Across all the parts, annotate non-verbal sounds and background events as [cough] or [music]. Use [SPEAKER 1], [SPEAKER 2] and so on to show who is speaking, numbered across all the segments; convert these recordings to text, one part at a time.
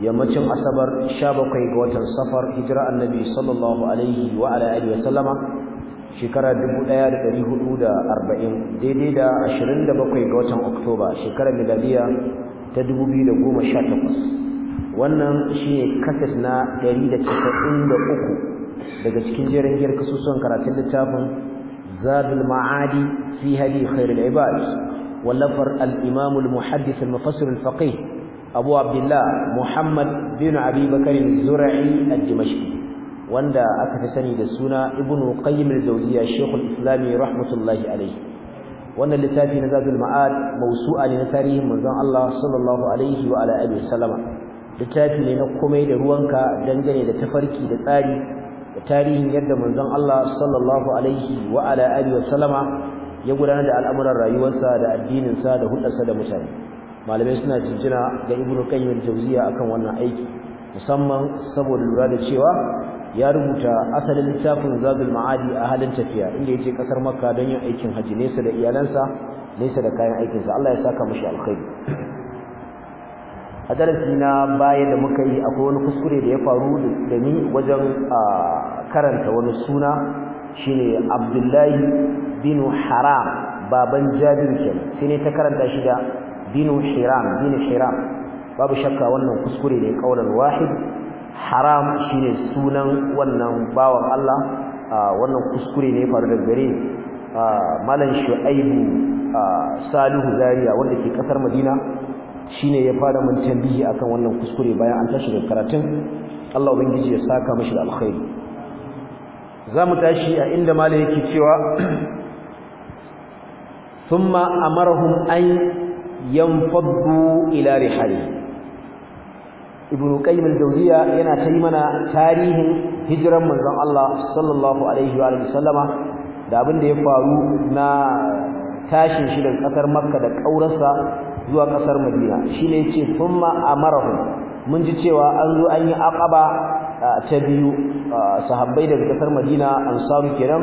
[SPEAKER 1] yammacin asabar 17 ga watan safar hijira annabi sallallahu alaihi wa ala alihi wa sallama shekara 1440 daidai da 27 ga watan oktoba shekarar miladiya ta 2018 wannan shine kaset na 193 daga cikin jerin giyar kasusuwan karatun littafin zadul ma'adi fi hadi khairul ibad wallafar al-imam al-muhaddith al-mufassir al-faqih abu abdullah muhammad bin abi bakarin zura'i a dimashqi wanda aka fi sani da suna ibnu qayyim al-jawziyya shaykhul islami rahmatullahi alayhi wannan littafi na zadul ma'ad mawsu'a ne na tarihin manzon Allah sallallahu alayhi wa ala alihi sallama littafi ne na komai da ruwanka dangane da tafarki da tsari da tarihin yadda manzon Allah sallallahu alayhi wa ala alihi sallama ya gudanar da al'amuran rayuwarsa da addininsa da hulɗarsa da mutane malamai suna jinjina ga ibnu kayyim tawziya akan wannan aiki musamman saboda lura da cewa ya rubuta asalin littafin zabul ma'adi a halin tafiya inda yake kasar makka don yin aikin haji nesa da iyalansa nesa da kayan aikinsa Allah ya saka mishi alkhairi a darasi na bayan da muka yi akwai wani kuskure da ya faru da ni wajen karanta wani suna shine Abdullahi bin Haram baban Jabir kenan sai ne ta karanta shi da binu hiram binu hiram babu shakka wannan kuskure ne kaulan wahid haram shine sunan wannan bawan Allah wannan kuskure ne faru da gare malam shu'aibu salihu Zariya wanda ke kasar madina shine ya fara mun tambihi akan wannan kuskure bayan an tashi da karatun Allah ubangiji ya saka mashi da alkhairi zamu tashi a inda malam yake cewa [clears throat] thumma amarahum an yanfaddu ila rihali ibnu qayyim al-jawziya yana ta yi mana tarihin hijiran manzon Allah sallallahu alaihi wa sallama da abin da ya faru na tashin shi daga kasar Makka da kaurarsa zuwa kasar Madina shine yace thumma amarahu mun ji cewa an zo an yi aqaba ta biyu sahabbai daga kasar Madina ansaru kenan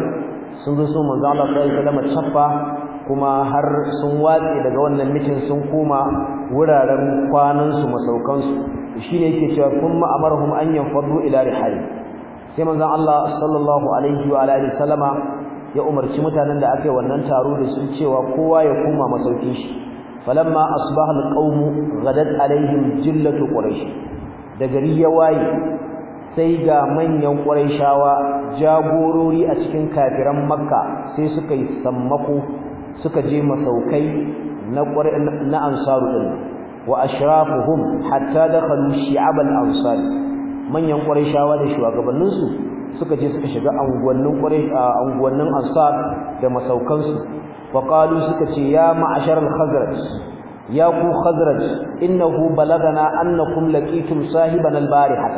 [SPEAKER 1] sun zo su manzon Allah sallallahu alaihi wa sallama kuma har sun watse daga wannan mitin sun koma wuraren kwanansu masaukansu shi ne yake cewa kun ma'amarhum an yanfadu ila rihali sai manzon Allah sallallahu alaihi wa alihi sallama ya umarci mutanen da aka yi wannan taro da sun cewa kowa ya koma masaukin shi falamma asbaha alqawmu ghadat alaihim jillatu quraish da gari ya waye sai ga manyan qurayshawa jagorori a cikin kafiran makka sai suka yi sammako suka je masaukai na na ansaru din wa ashrafuhum hatta dakhalu shi'ab al-ansar manyan shawa da shugabannin su suka je suka shiga anguwannin quraysh anguwannin ansar da masaukan su wa qalu suka ce ya ma'ashar al-khazraj ya ku khazraj innahu balagana annakum laqitum sahiban al-barihah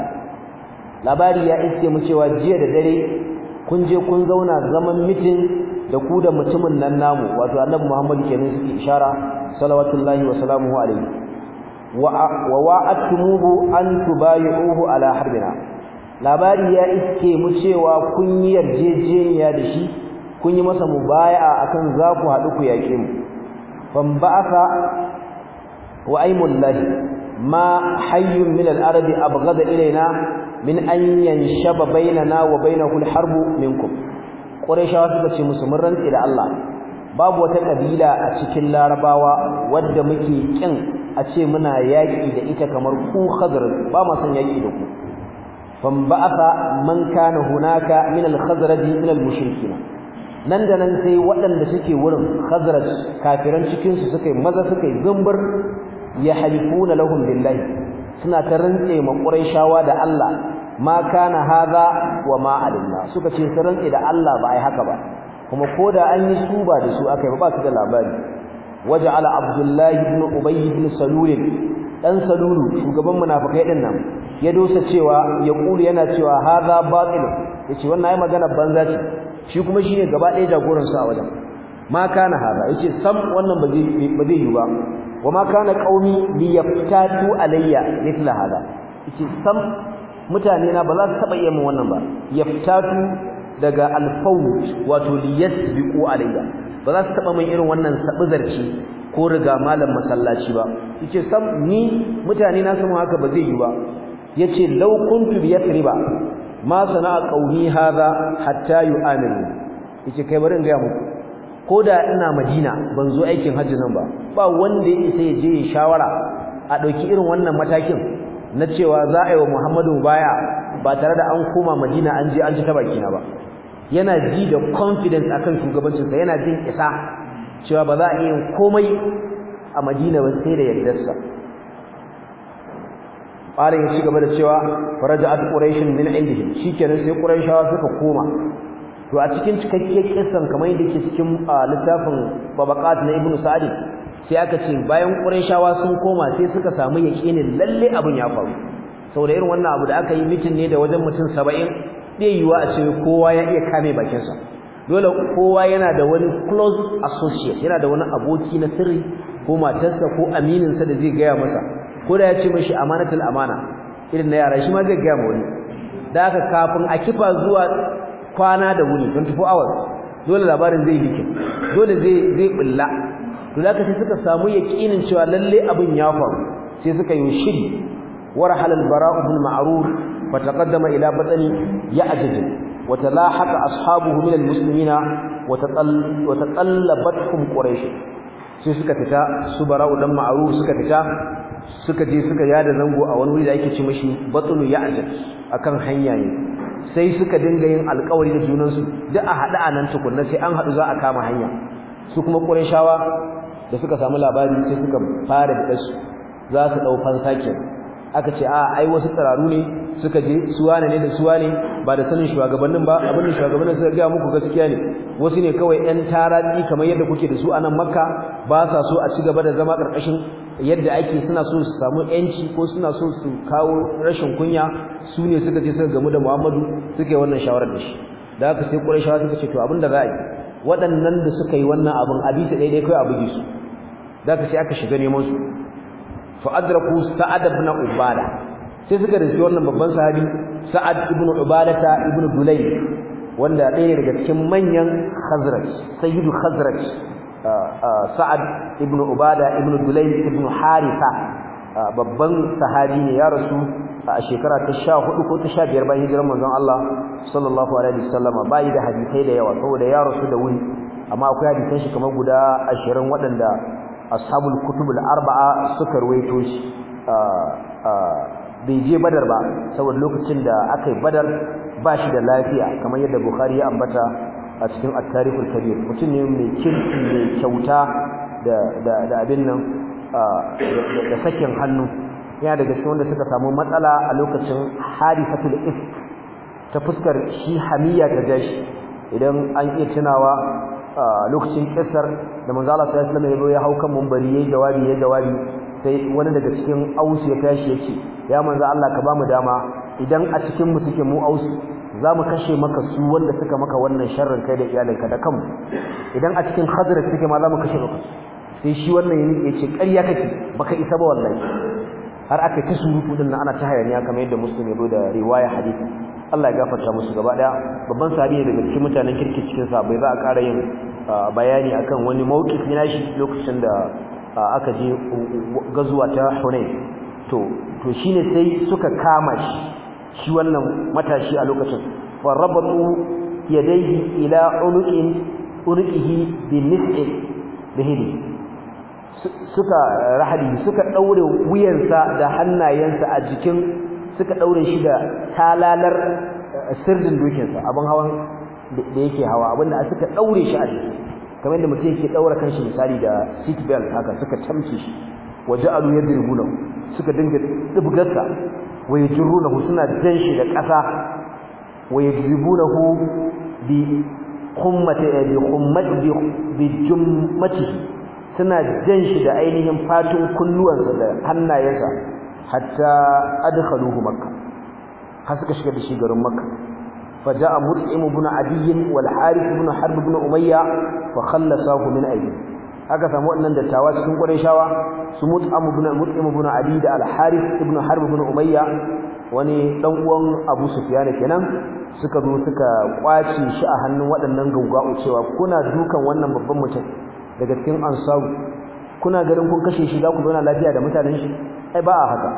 [SPEAKER 1] labari ya iske mu cewa jiya da dare kun je kun zauna zaman mitin da ku da mutumin nan namu wato annabi Muhammad kenan suke ishara salawatullahi wa salamuhu alayhi wa wa'adtumuhu an tubayi'uhu ala harbina labari ya iske mu cewa kun yi yarjejeniya da shi kun yi masa mubaya'a akan za ku haɗu ku yaƙe mu fam ba'atha wa aimullahi ma hayyun min al ardi abghada ilayna min an yanshaba bainana wa bainahul harbu minkum qurayshawa suka ce musu mun rantsi da Allah babu wata kabila a cikin larabawa wadda muke kin a ce muna yaki da ita kamar ku khazraj ba ma san yaki da ku fam ba'atha man kana hunaka min al-khazraj min al-mushrikin nan da nan sai waɗanda suke wurin khazraj kafiran cikin su suka yi maza suka yi gumbar ya halifuna lahum billahi suna ta rantse ma Qurayshawa da Allah ma kana hadha wa ma alimna suka ce su rantse da Allah ba ai haka ba kuma koda an yi suba da su akai ba su da labari waja'ala abdullahi ibn ubay ibn salul dan salulu shugaban munafikai din nan ya dosa cewa ya kuri yana cewa hadha batil yace wannan ai magana banza ce shi kuma shine gaba ɗaya jagoran sa a wajen ma kana hada yace sam wannan ba zai ba zai yi ba wa ma kana qaumi li yaftatu alayya mithla hada yace sam mutane na ba za su taba yi min wannan ba yaftatu daga alfawu wato li yasbiqu alayya ba za su taba min irin wannan zarci ko riga malam masallaci ba yace sam ni mutane na sun haka ba zai yi ba yace law kuntu bi yathriba ma sana'a qaumi hada hatta yu'aminu yace kai bari in ga muku ko da ina madina ban zo aikin hajji nan ba ba wanda ya isa ya je ya shawara a ɗauki irin wannan matakin na cewa za a yi wa muhammadu baya ba tare da an koma madina an je an ji ta na ba yana ji da confidence akan shugabancinsa yana jin isa cewa ba za a yi komai a madina ba sai da yardarsa ƙarin ya ci gaba da cewa faraja'at Quraish min Shi kenan sai quraishawa suka koma to a cikin cikakken kissan kamar yadda ke cikin littafin babaqat na ibnu sa'd sai aka ce bayan qurayshawa sun koma sai suka samu yakinin lalle abin ya faru da irin wannan abu da aka yi mitin ne da wajen mutum saba'in, bai yiwa a ce kowa ya iya kame bakinsa, dole kowa yana da wani close associate yana da wani aboki na sirri ko matarsa ko amininsa da zai gaya masa ko da ya ce mishi amanatul amana irin na yara shi ma zai gaya ma wani da aka kafin a kifa zuwa kwana da wuni 24 hours dole labarin zai rike dole zai zai bulla to zaka sai suka samu yaqinin cewa lalle abin ya faru sai suka yi shiri warhal al-bara' ibn ma'rur fataqaddama ila batni ya'jaj wa talahaqa ashabuhu min al-muslimina wa tatallabatuhum quraish sai suka fita su bara dan ma'rur suka fita suka je suka yada zango a wani wuri da ake ce mashi batnu ya'jaj akan hanya ne sai suka dinga yin alƙawari da junansu duk a haɗu a nan tukunna sai an haɗu za a kama hanya su kuma ƙurashawa da suka samu labari sai suka fara da su za su ɗau fansa aka ce a ai wasu tsararu ne suka je suwane ne da suwane ba da sanin shugabannin ba abin da shugabannin suka gaya muku gaskiya ne wasu ne kawai yan taratsi kamar yadda kuke da su a nan makka ba sa so a ci gaba da zama ƙarƙashin yadda ake suna so su samu yanci ko suna so su kawo rashin kunya su ne suka je suka gamu da Muhammadu suka yi wannan shawarar da shi da haka sai Qurayshawa suka ce to abinda za a yi waɗannan da suka yi wannan abin a bisa daidai kai a buge su da haka sai aka shiga neman su fa adraku Sa'ad ibn Ubada sai suka rinsu wannan babban sahabi Sa'ad ibn Ubadata ibn Dulayl wanda ɗaya daga cikin manyan Khazraj sayyidu Khazraj sa'ad ibn ubada ibn Dulai, ibn haritha babban sahabi ne ya rasu a shekara ta 14 ko ta 15 bayan hijirar manzon Allah sallallahu alaihi wasallama bai da hadisai da yawa saboda ya rasu da wuri amma akwai hadisan shi kamar guda 20 waɗanda ashabul kutubul arba'a suka ruwaito shi bai je badar ba saboda lokacin da aka yi badar ba shi da lafiya kamar yadda bukhari ya ambata a cikin at-tarihul kabir mutum ne mai kirki mai kyauta da da abin nan da sakin hannu yana daga cikin wanda suka samu matsala a lokacin harifatul ifk ta fuskar shi hamiya da jashi idan an iya tunawa lokacin kisar da manzo Allah sallallahu alaihi wasallam ya hau kan munbari yayin jawabi yayin jawabi sai wani daga cikin ausu ya tashi ya ce ya manzo Allah ka bamu dama idan a cikin mu suke mu ausu za mu kashe maka su wanda suka maka wannan sharrin kai da iyalinka da kanmu idan a cikin hadirar suke ma za mu kashe maka sai shi wannan ya nike ce ƙarya kake baka isa ba wallahi har aka ta surutu din ana ta hayaniya kamar yadda muslim ya da riwaya hadisi Allah ya gafarta musu gaba daya babban sabi ne daga cikin mutanen kirki cikin bai za a ƙara yin bayani akan wani mawqif ne shi lokacin da aka je gazuwa ta Hunain to to shine sai suka kama shi shi wannan matashi a lokacin wa rabatu yadayhi ila unuqin unuqihi bi nis'in suka rahadi suka daure wuyansa da hannayensa a jikin suka daure shi da talalar eh, sirrin dokinsa abin hawan da yake hawa abinda suka daure shi a jiki kamar yadda mutum yake daura kanshi misali da seat belt haka suka tamce shi waje alu yadribuna suka dinga dubgarsa wa yajrunahu suna jan shi da ƙasa wa yajribunahu bi qummati bi qummati bi jummati suna jan shi da ainihin fatun kulluwansa da hannayensa hatta adkhaluhu makka har suka shiga da shi garin makka fa فجاء مطعم بن عدي والحارث بن حرب بن أمية فخلصاه من أيديه aka samu wannan dattawa cikin Qurayshawa su Mut'am ibn Mut'im ibn Ali da Al-Harith ibn Harb ibn Umayya wani dan uwan Abu Sufyan kenan suka zo suka kwace shi a hannun waɗannan gaugau cewa kuna dukan wannan babban mutum daga cikin Ansar kuna garin kun kashe shi za ku zauna lafiya da mutanen shi ai ba a haka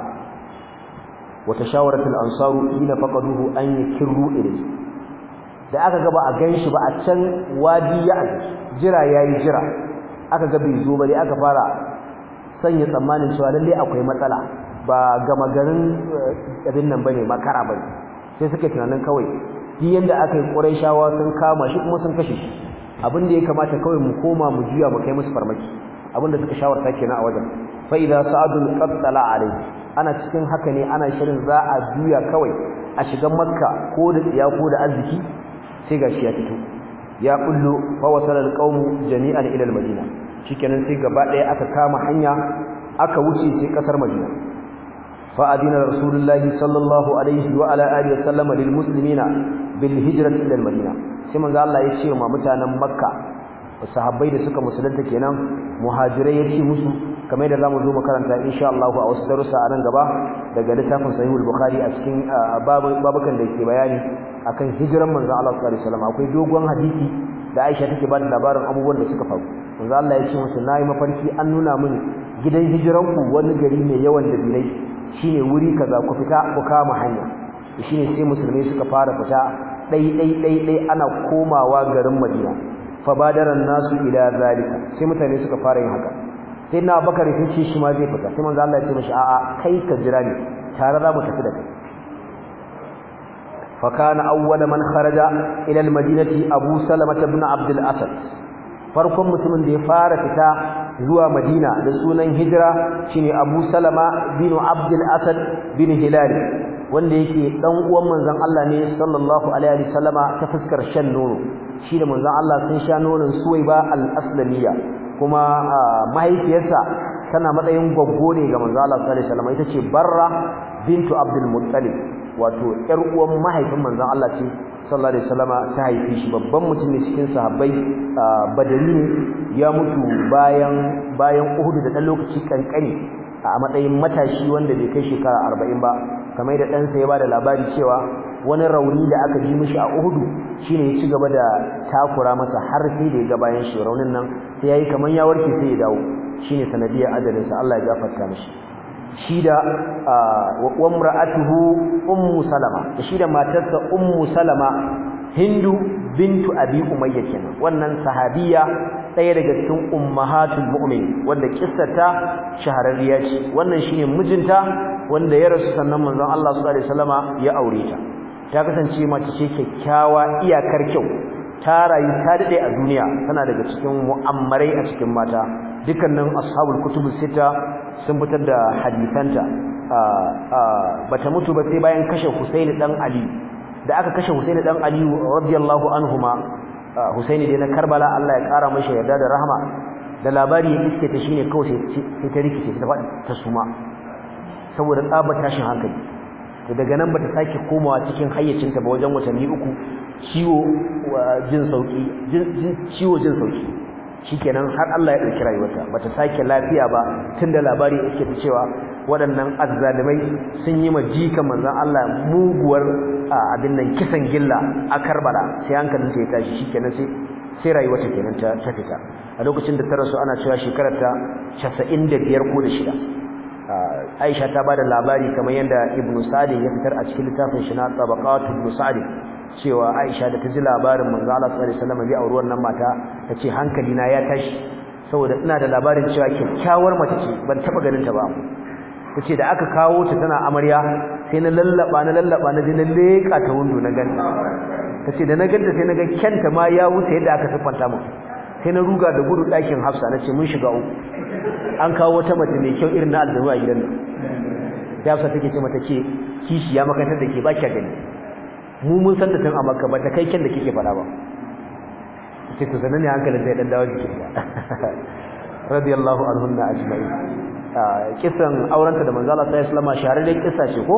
[SPEAKER 1] wata al ansaru ila faqaduhu an yakiru ilayhi da aka ga ba a ganshi ba a can wadi ya jira yayi jira aka ga bai zo ba aka fara sanya tsammanin cewa lalle akwai matsala ba gama garin eh, abin nan bane makara bane sai suke tunanin kawai duk yanda aka yi shawa sun kama shi kuma sun kashe abin da ya kamata kawai mu koma mu juya mu kai musu farmaki abin da suka shawarta kenan a wajen fa idza sa'adu qattala alai ana cikin haka ne ana shirin za a juya kawai a shiga makka ko da tsiya ko da arziki sai gashi ya fito ya kullu fa wasala alqawmu jami'an ila almadina kenan sai gaba ɗaya aka kama hanya aka wuce sai ƙasar Madina fa adina rasulullahi sallallahu alaihi wa ala alihi wasallam lil muslimina bil hijrati ila madina sai manzo Allah ya ce ma mutanen Makka sahabbai da suka musulunta kenan muhajirai ya ce musu kamar da zamu zo makaranta insha Allah a wasu darussa a nan gaba daga littafin sahihul bukhari a cikin babukan da ke bayani akan hijiran manzon Allah sallallahu alaihi wasallam akwai dogon hadisi da Aisha take ba da labarin abubuwan da suka faru manzon Allah ya ce musu nayi mafarki an nuna mini gidan hijiran ku wani gari mai yawan dabilai shine wuri kaza ku fita ku kama hanya shine sai musulmai suka fara fita dai dai dai dai ana komawa garin Madina fabadaran nasu ila zalika sai mutane suka fara yin haka sai na bakar ya ce shi ma zai fita sai manzo Allah ya ce mishi a'a kai ka jira ne tare za mu tafi da kai fa kana awwala man kharaja ila al-madinati abu salama ibn abd al-asad farkon mutumin da ya fara fita zuwa Madina da sunan hijira shine Abu Salama bin Abdul Asad bin Hilal wanda yake dan uwan manzon Allah ne sallallahu alaihi wasallama ta fuskar shan nono shi da manzon Allah sun sha nonon Suwaiba al-Aslamiyya kuma mahaifiyarsa tana matsayin gwaggo ne ga manzon Allah sallallahu alaihi wasallama ita ce Barra bintu Abdul Muttalib wato ƴar uwan mahaifin manzon Allah ce sallallahu alaihi wasallama ta haife shi babban mutum ne cikin sahabbai badari ne ya mutu bayan bayan Uhud da dan lokaci kankani a matsayin matashi wanda bai kai shekara 40 ba kamar da ɗansa ya bada labari cewa wani rauni da aka ji mishi a Uhudu shine ya ci gaba da takura masa har sai da ya ga bayan shi raunin nan sai yayi kamar ya warke sai ya dawo shine sanadiyar adalinsa Allah ya gafarta mishi shi da ummu salama shi matarsa ummu salama hindu bintu abi umayya kenan wannan sahabiya ɗaya daga cikin ummahatul mu'min wanda kissarta shahararriya ce wannan shine mijinta wanda ya rasu sannan manzon Allah sallallahu alaihi wasallama ya aure ta ta kasance mace ce kyakkyawa iyakar kyau ta rayu ta dade a duniya tana daga cikin mu'ammarai a cikin mata dukkanin ashabul kutub sita sun fitar da hadisanta bata mutu ba sai bayan kashe Husaini dan Ali da aka kashe Husaini dan Ali radiyallahu anhuma Husaini dai na Karbala Allah ya kara mishi yarda da rahama da labari ya iske ta shine kawai sai ta rikice ta faɗi ta suma saboda tsaba tashin hankali to daga nan bata sake komawa cikin hayyacinta ba wajen watanni uku ciwo jin sauki ciwo jin sauki shikenan har Allah ya ɗauki rayuwarta bata sake lafiya ba tunda labari yake ta cewa waɗannan azzalimai sun yi majika manzon Allah muguwar abin nan kisan gilla a Karbala sai hankalin sai ya tashi shikenan sai sai rayuwarta kenan ta ta fita a lokacin da ta rasu ana cewa shekarar ta biyar ko da shida Aisha ta bada labari kamar yadda Ibn Sa'd ya fitar a cikin littafin shi na Tabaqatul Ibn cewa Aisha da ta ji labarin manzo Allah sallallahu alaihi wasallam bi auruwar nan mata tace hankali na ya tashi saboda ina da labarin cewa kyakkyawar mace ce ban taba ganin ta ba tace da aka kawo ta tana amarya sai na lallaba na lallaba na je na leka ta wundo na gani tace da na ganta sai na ga kyanta ma ya wuce yadda aka siffanta mu sai na ruga da gudu ɗakin Hafsa na ce mun shiga uku an kawo wata mace mai kyau irin na a gidan nan Hafsa take ce mata ce kishi ya makantar da ke ba kya gani mu mun san da tun a makka ta kai kyan da kike fara ba sai to sanan ne hankalin sai dan dawo jikin ba [laughs] radiyallahu anhunna ajma'in ah, kisan aurenta da manzo Allah sallallahu alaihi wasallam da kissa ce ko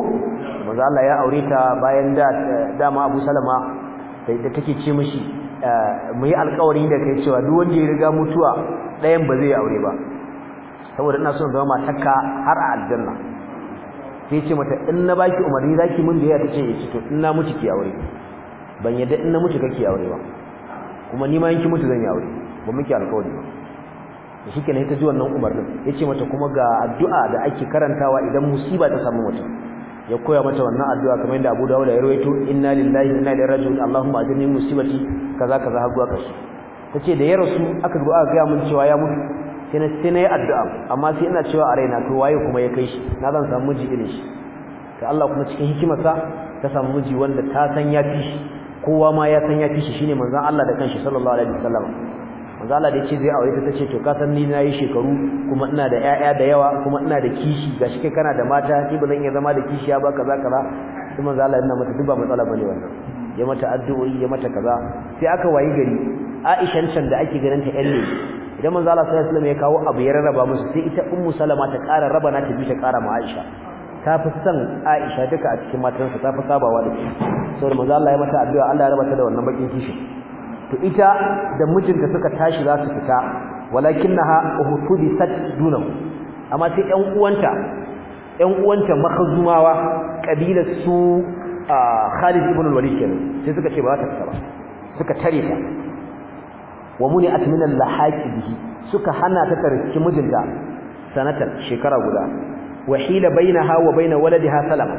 [SPEAKER 1] manzo Allah ya aure ta bayan da dama Abu Salama da take ce mishi ah, mu yi alƙawari da kai cewa duk wanda ya riga mutuwa ɗayan ba zai aure ba saboda ina son zama matarka har a aljanna sai ce mata in na baki umarni zaki mun ya tace yace eh, to in na mutu ki aure ban yadda in na mutu kake aure ba kuma ni ma yanki mutu zan yi aure ba muke alƙawari ba da shi kenan ta ji wannan umarnin Ya ce mata kuma ga addu'a da ake karantawa idan musiba ta samu mutum ya koya mata wannan addu'a kamar yadda Abu Dawud ya rawaito inna lillahi inna ilaihi raji'un Allahumma ajirni musibati kaza kaza har zuwa kashi tace da ya rasu aka zo aka ga mun cewa ya mutu sai sai na yi addu'a amma sai ina cewa a raina kai waye kuma ya kai shi na zan samu miji irin shi ta Allah kuma cikin hikimarsa ta samu miji wanda ta san ya fi shi kowa ma ya san ya fi shi shine manzon Allah da kanshi sallallahu alaihi wasallam manzon Allah da yace zai aure ta tace to ka san ni na yi shekaru kuma ina da ƴaƴa da yawa kuma ina da kishi gashi kai kana da mata ni ba zan iya zama da kishi ya ba kaza kaza sai manzon Allah yana mata duba matsala bane wannan ya mata addu'o'i ya mata kaza sai aka wayi gari Aishan can da ake ganin ta ƴan ne idan manzo Allah sallallahu alaihi wasallam ya kawo abu ya rarraba musu sai ita ummu salama ta ƙara raba na ta bi ta ƙara ma Aisha ta fi son Aisha duka a cikin matansa ta fi sabawa da shi saboda manzo Allah ya mata addu'a Allah ya raba ta da wannan bakin kishi to ita da mijinta suka tashi za su fita walakinnaha uhtudisat dunam amma sai ƴan uwanta ƴan uwanta makhzumawa kabilar su ah, Khalid ibn al-Walid kenan sai suka ce ba za ta fita ba suka tare ta wa muni atminan lahaqi bihi suka hana ta tarki mijinta sanatan shekara guda wa hila bainaha wa bain waladiha salama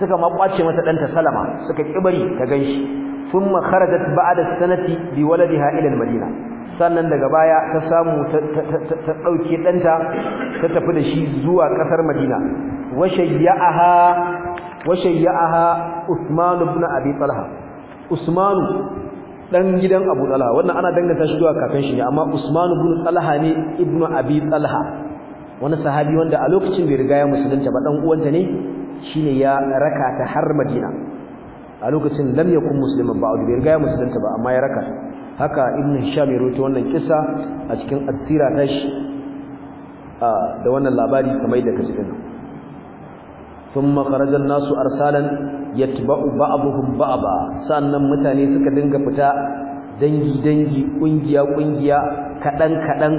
[SPEAKER 1] suka maƙwace mata danta salama suka kibari ta ganshi thumma kharajat ba'da sanati bi waladiha ila al-madina sannan daga baya ta samu ta dauke danta ta tafi da shi zuwa kasar madina wa shayya'aha wa shayya'aha usman ibn abi talha usman dan gidan Abu Talha wannan ana danganta shi zuwa kafin shi amma Usman ibn Talha ne ibnu Abi Talha wani sahabi wanda a lokacin bai riga ya musulunta ba dan uwanta ne shine ya raka ta har Madina a lokacin lam yakun musliman ba bai riga ya musulunta ba amma ya raka haka ibnu Hisham ya rawaito wannan kisa a cikin asira tashi da wannan labari kamar da kace dinnan thumma kharaja an-nasu arsalan yatba'u ba'dhum ba'dha sannan mutane suka dinga fita dangi dangi kungiya kungiya kadan kadan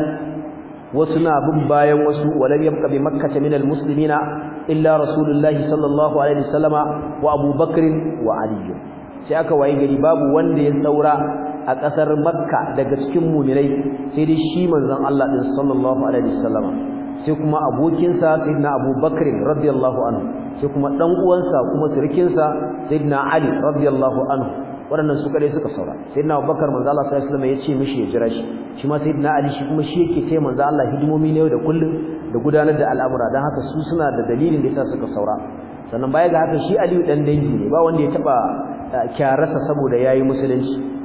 [SPEAKER 1] wasu na bin bayan wasu walam yabqa bi makkah min al-muslimina illa rasulullahi sallallahu alaihi wasallama wa abubakar wa ali sai aka waye gari babu wanda ya saura a kasar makka daga cikin mu'minai sai dai shi manzon Allah din sallallahu alaihi wasallama sai kuma abokinsa sayyidina abubakar radiyallahu anhu sai kuma dan uwansa kuma sirkinsa sayyidina ali radiyallahu anhu Wadannan su kare suka saura sayyidina abubakar manzo Allah sallallahu alaihi wasallam ya ce mishi ya jira shi shi ma sayyidina ali shi kuma shi yake ce manzo Allah hidimomi ne yau da kullum da gudanar da al'amura dan haka su suna da dalilin da yasa suka saura sannan baya ga haka shi aliyu dan dangi ne ba wanda ya taba eh, kyararsa saboda yayi musulunci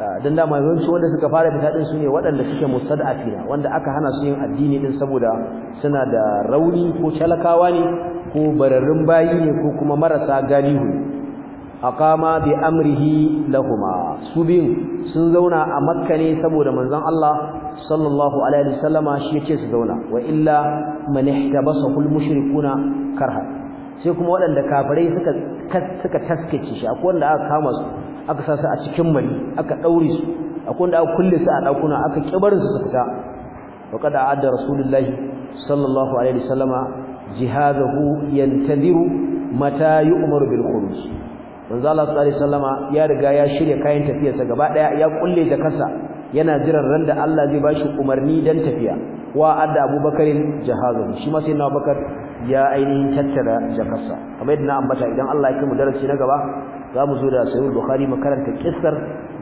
[SPEAKER 1] dan dama yawanci wanda suka fara fita din sune waɗanda suke mustad'afina wanda aka hana su yin addini din saboda suna da rauni ko talakawa ne ko bararrun bayi ne ko kuma marasa galihu aqama bi amrihi lahumma su biyun sun zauna a makka ne saboda manzon Allah sallallahu alaihi wasallama shi yace su zauna wa illa man ihtabasahul mushrikuna karha sai kuma waɗanda kafirai suka suka taskace shi akwai wanda aka kama su aka sa su a cikin mari aka daure su a kunda aka kulle su a dakuna aka kibar su su fita wa a a'adda rasulullahi sallallahu alaihi wasallama jihadahu yantadiru mata yu'maru bil khuruj manzo Allah sallallahu alaihi wasallama ya riga ya shirya kayan tafiyarsa gaba daya ya kulle da kasa yana jiran ran da Allah zai bashi umarni dan tafiya wa adda abubakarin jahazu shi ma sai na abubakar ya ainihin tattara jakarsa kamar yadda na ambata idan Allah ya kai darasi na gaba za mu zo da sahih bukhari mu karanta kissar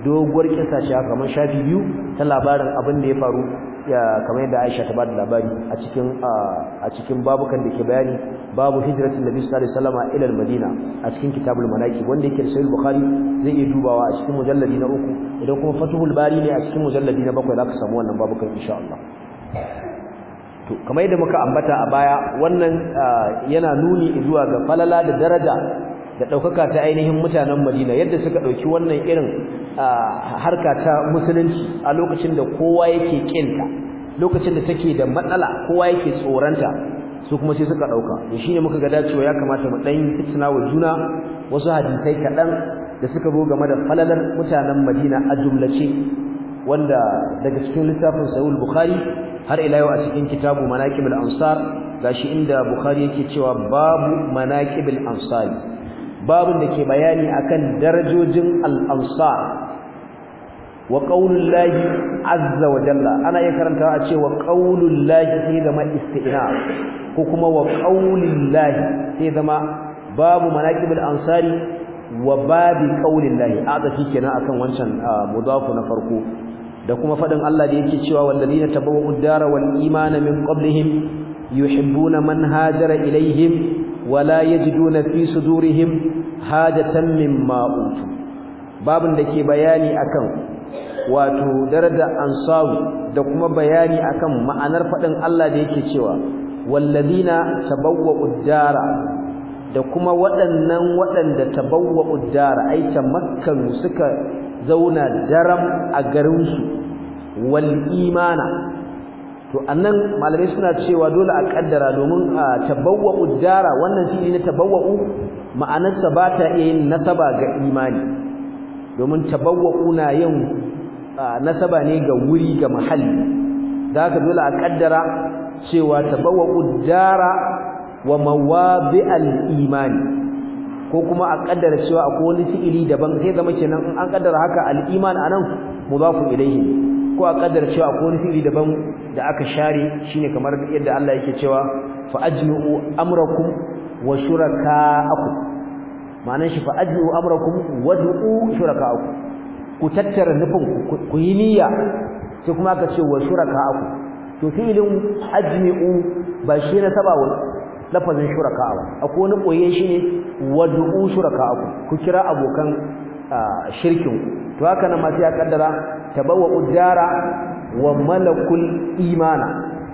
[SPEAKER 1] doguwar kissa ce kamar shafi biyu ta labarin abin da ya faru kamar yadda Aisha ta bada labari a cikin a cikin babukan da ke bayani babu hijratin nabi sallallahu alaihi wasallam ila al-madina a cikin kitabul manaqib wanda yake sahih bukhari zai iya dubawa a cikin mujalladi na uku idan kuma fatuhul bari ne a cikin mujalladi na bakwai zaka samu wannan babukan insha Allah to kamar yadda muka ambata a baya wannan yana nuni zuwa ga falala da daraja da ɗaukaka ta ainihin mutanen madina yadda suka ɗauki wannan irin harka ta musulunci a lokacin da kowa yake kenta lokacin da take da matsala kowa yake tsoranta su kuma sai suka ɗauka da shi ne muka ga dacewa ya kamata mu ɗan fitina wa juna wasu hadisai kaɗan da suka zo game da falalar mutanen madina a jumlace wanda daga cikin littafin sahih bukhari har ila yau a cikin kitabu manakibul ansar gashi inda bukhari yake cewa babu manaqibul ansari babin da ke bayani akan darajojin al-ansar wa qaulullahi azza wa jalla ana iya karantawa a ce wa qaulullahi sai zama isti'na ko kuma wa qaulillahi sai zama babu manaqibul ansari wa babi qaulillahi adafi kenan akan wancan mudafu na farko da kuma fadin Allah da yake cewa wallazina tabawwa'ud dara wal imana min qablihim يحبون من هاجر إليهم ولا يجدون في صدورهم حاجة مما أوتوا باب دكي بياني أكم wato daraja ansaru da kuma bayani akan ma'anar faɗin Allah da yake cewa walladina tabawwa'u dara da kuma waɗannan waɗanda tabawwa'u dara ai tamakkanu suka zauna daram a garinsu, su wal imana to annan malamai suna cewa dole a kaddara domin a tabawwa'u dara wannan fili na ma'anar ma'anarsa ba ta iya yin nasaba ga imani domin tabawwa'u na yin nasaba ne ga wuri ga mahalli da ka dole a kaddara cewa tabawwa'u dara wa mawabi'al imani ko kuma a kaddara cewa akwai wani fi'ili daban sai zama kenan in an kaddara haka al-iman anan mudafu ilayhi ko a kadar cewa ko wani fili daban da aka share shine kamar yadda Allah yake cewa fa ajmi'u amrakum wa shuraka'akum ma'anar shi fa ajmi'u amrakum wa du'u shuraka'akum ku tattara nufin ku ku yi niyya sai kuma aka ce wa shuraka'akum to fi'ilin ajmi'u ba shi na saba lafazin shuraka'a ba akwai wani koye shi ne wa du'u shuraka'akum ku kira abokan shirkin to haka nan ma sai ya kaddara tabawwa udara wa malakul imana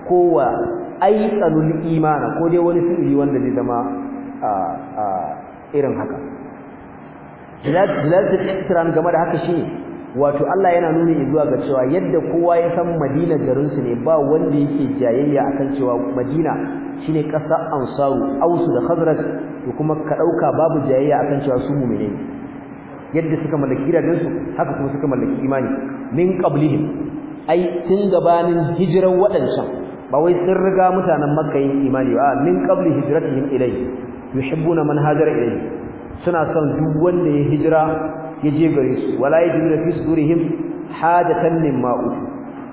[SPEAKER 1] ko wa aitsalul imana ko dai wani fi'ili wanda zai zama irin haka dilalatul tsiran game da haka shine wato Allah yana nuni zuwa ga cewa yadda kowa ya san Madina garin su ne ba wanda yake jayayya akan cewa Madina shine ƙasa Ansaru Ausu da Khazraj to kuma ka dauka babu jayayya akan cewa su mu'mine yadda suka mallaki gidajensu haka kuma suka mallaki imani min qablihim ai tun gabanin hijiran waɗancan ba wai sun riga mutanen makka yin imani ba min qabli hijratihim ilayhi yuhibbuna man hajara ilayhi suna son duk wanda ya hijira ya je gare su wala yajiduna fi sudurihim hajatan mimma utu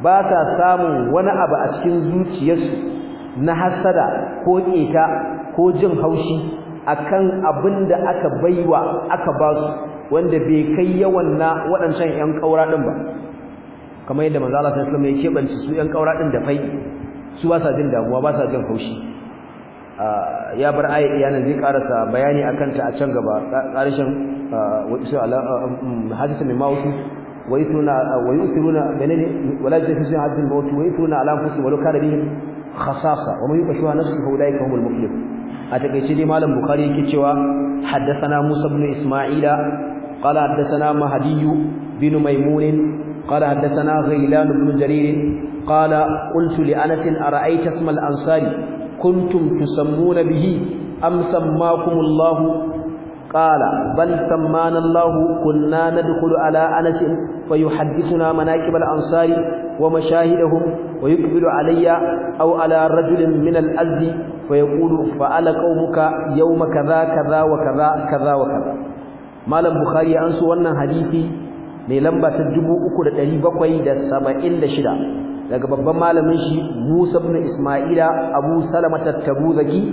[SPEAKER 1] ba sa samun wani abu a cikin zuciyarsu na hasada ko ƙeta ko jin haushi akan abin da aka baiwa aka ba su wanda bai kai yawan na waɗancan ƴan ƙaura ɗin ba kamar yadda manzo Allah sallallahu alaihi wasallam ya keɓance su ƴan ƙaura ɗin da fai su ba sa jin damuwa ba sa jin haushi ya bar aya iyanan zai karasa bayani akan ta a can gaba ƙarshen wasu hadisin mai mawutu ويثرون ويؤثرون بنني ولا يجسسون عبد الموت ويثرون على انفسهم ولو كان بهم خصاصه ومن يقشها نفسه فاولئك هم A اتكيتي um, um, dai malam بخاري yake cewa haddathana Musa ibn Isma'ila قال حدثنا مهدي بن ميمون قال حدثنا غيلان بن جرير قال قلت لأنس أرأيت اسم الأنصار كنتم تسمون به أم سماكم الله قال بل سمانا الله كنا ندخل على أنس فيحدثنا مناكب الأنصار ومشاهدهم ويقبل علي أو على رجل من الأزد فيقول فعل قومك يوم كذا كذا وكذا كذا وكذا malam bukhari an so wannan hadisi mai lamba ta 3776 daga babban malamin shi Musa ibn Isma'ila Abu Salama at-Tabuzaki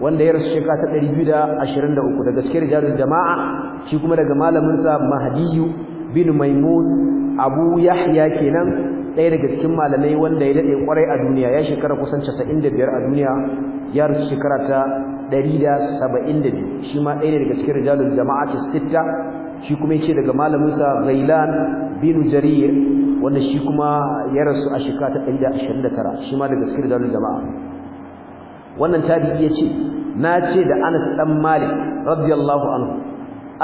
[SPEAKER 1] wanda ya rasu shekara 223 daga cikin rijalul jama'a shi kuma daga malamin sa Mahdiyu bin Maimun Abu Yahya kenan ɗaya daga cikin malamai wanda ya dade kwarai a duniya ya shekara kusan 95 a duniya ya rasu shekara ta 172 shi ma ɗaya ne daga cikin rijalul ta sitta shi kuma yake daga malaminsa Ghailan bin Jarir wanda shi kuma ya rasu a shekara ta 129 shi ma daga cikin rijalul jama'a wannan ya ce na ce da Anas dan Malik radiyallahu anhu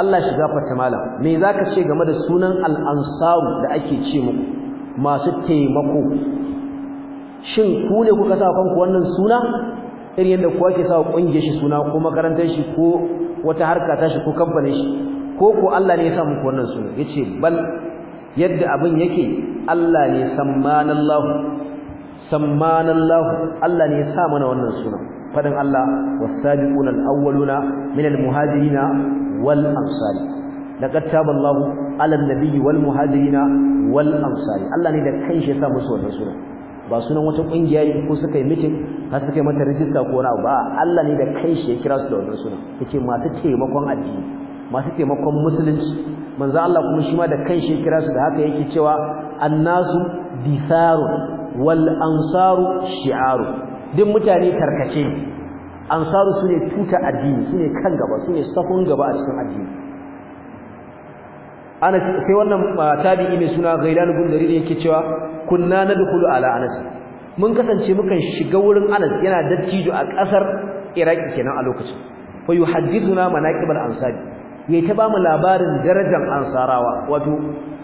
[SPEAKER 1] Allah shi gafarta malam me zaka ce game da sunan al-ansar da ake ce muku masu taimako shin ku ne kuka sa kanku wannan suna irin yadda kowa ke sawa kungiyar shi suna ko makarantar shi ko wata harka ta shi ko kamfanin shi ko ko Allah ne ya sa muku wannan suna yace bal yadda abin yake Allah ne sammanallahu sammanallahu Allah ne ya sa mana wannan suna fadin Allah was-sabiquna al-awwaluna min al-muhajirina wal ansar laqad taba Allahu 'ala an-nabiyyi wal muhajirina wal ansar Allah ne da kanshi ya sa musu wannan suna ba sunan wata kungiya ne ko suka yi meeting ka suka yi mata register ko na ba Allah ne da kai shi ya kira su da wannan sunan yace masu taimakon addini masu taimakon musulunci manzo Allah kuma shi ma da kai shi ya kira su da haka yake cewa annasu bisaru, wal ansaru shi'aru duk mutane karkace ansaru sune tuta addini sune kan gaba sune sahun gaba a cikin addini ana sai wannan ah, tabi'i mai suna ghailan ibn jarir yake cewa kunna nadkhulu ala anas mun kasance mukan shiga wurin anas yana dattijo a kasar iraki kenan a lokacin fa yuhaddithuna manaqib al-ansari yayi ta bamu labarin darajar ansarawa wato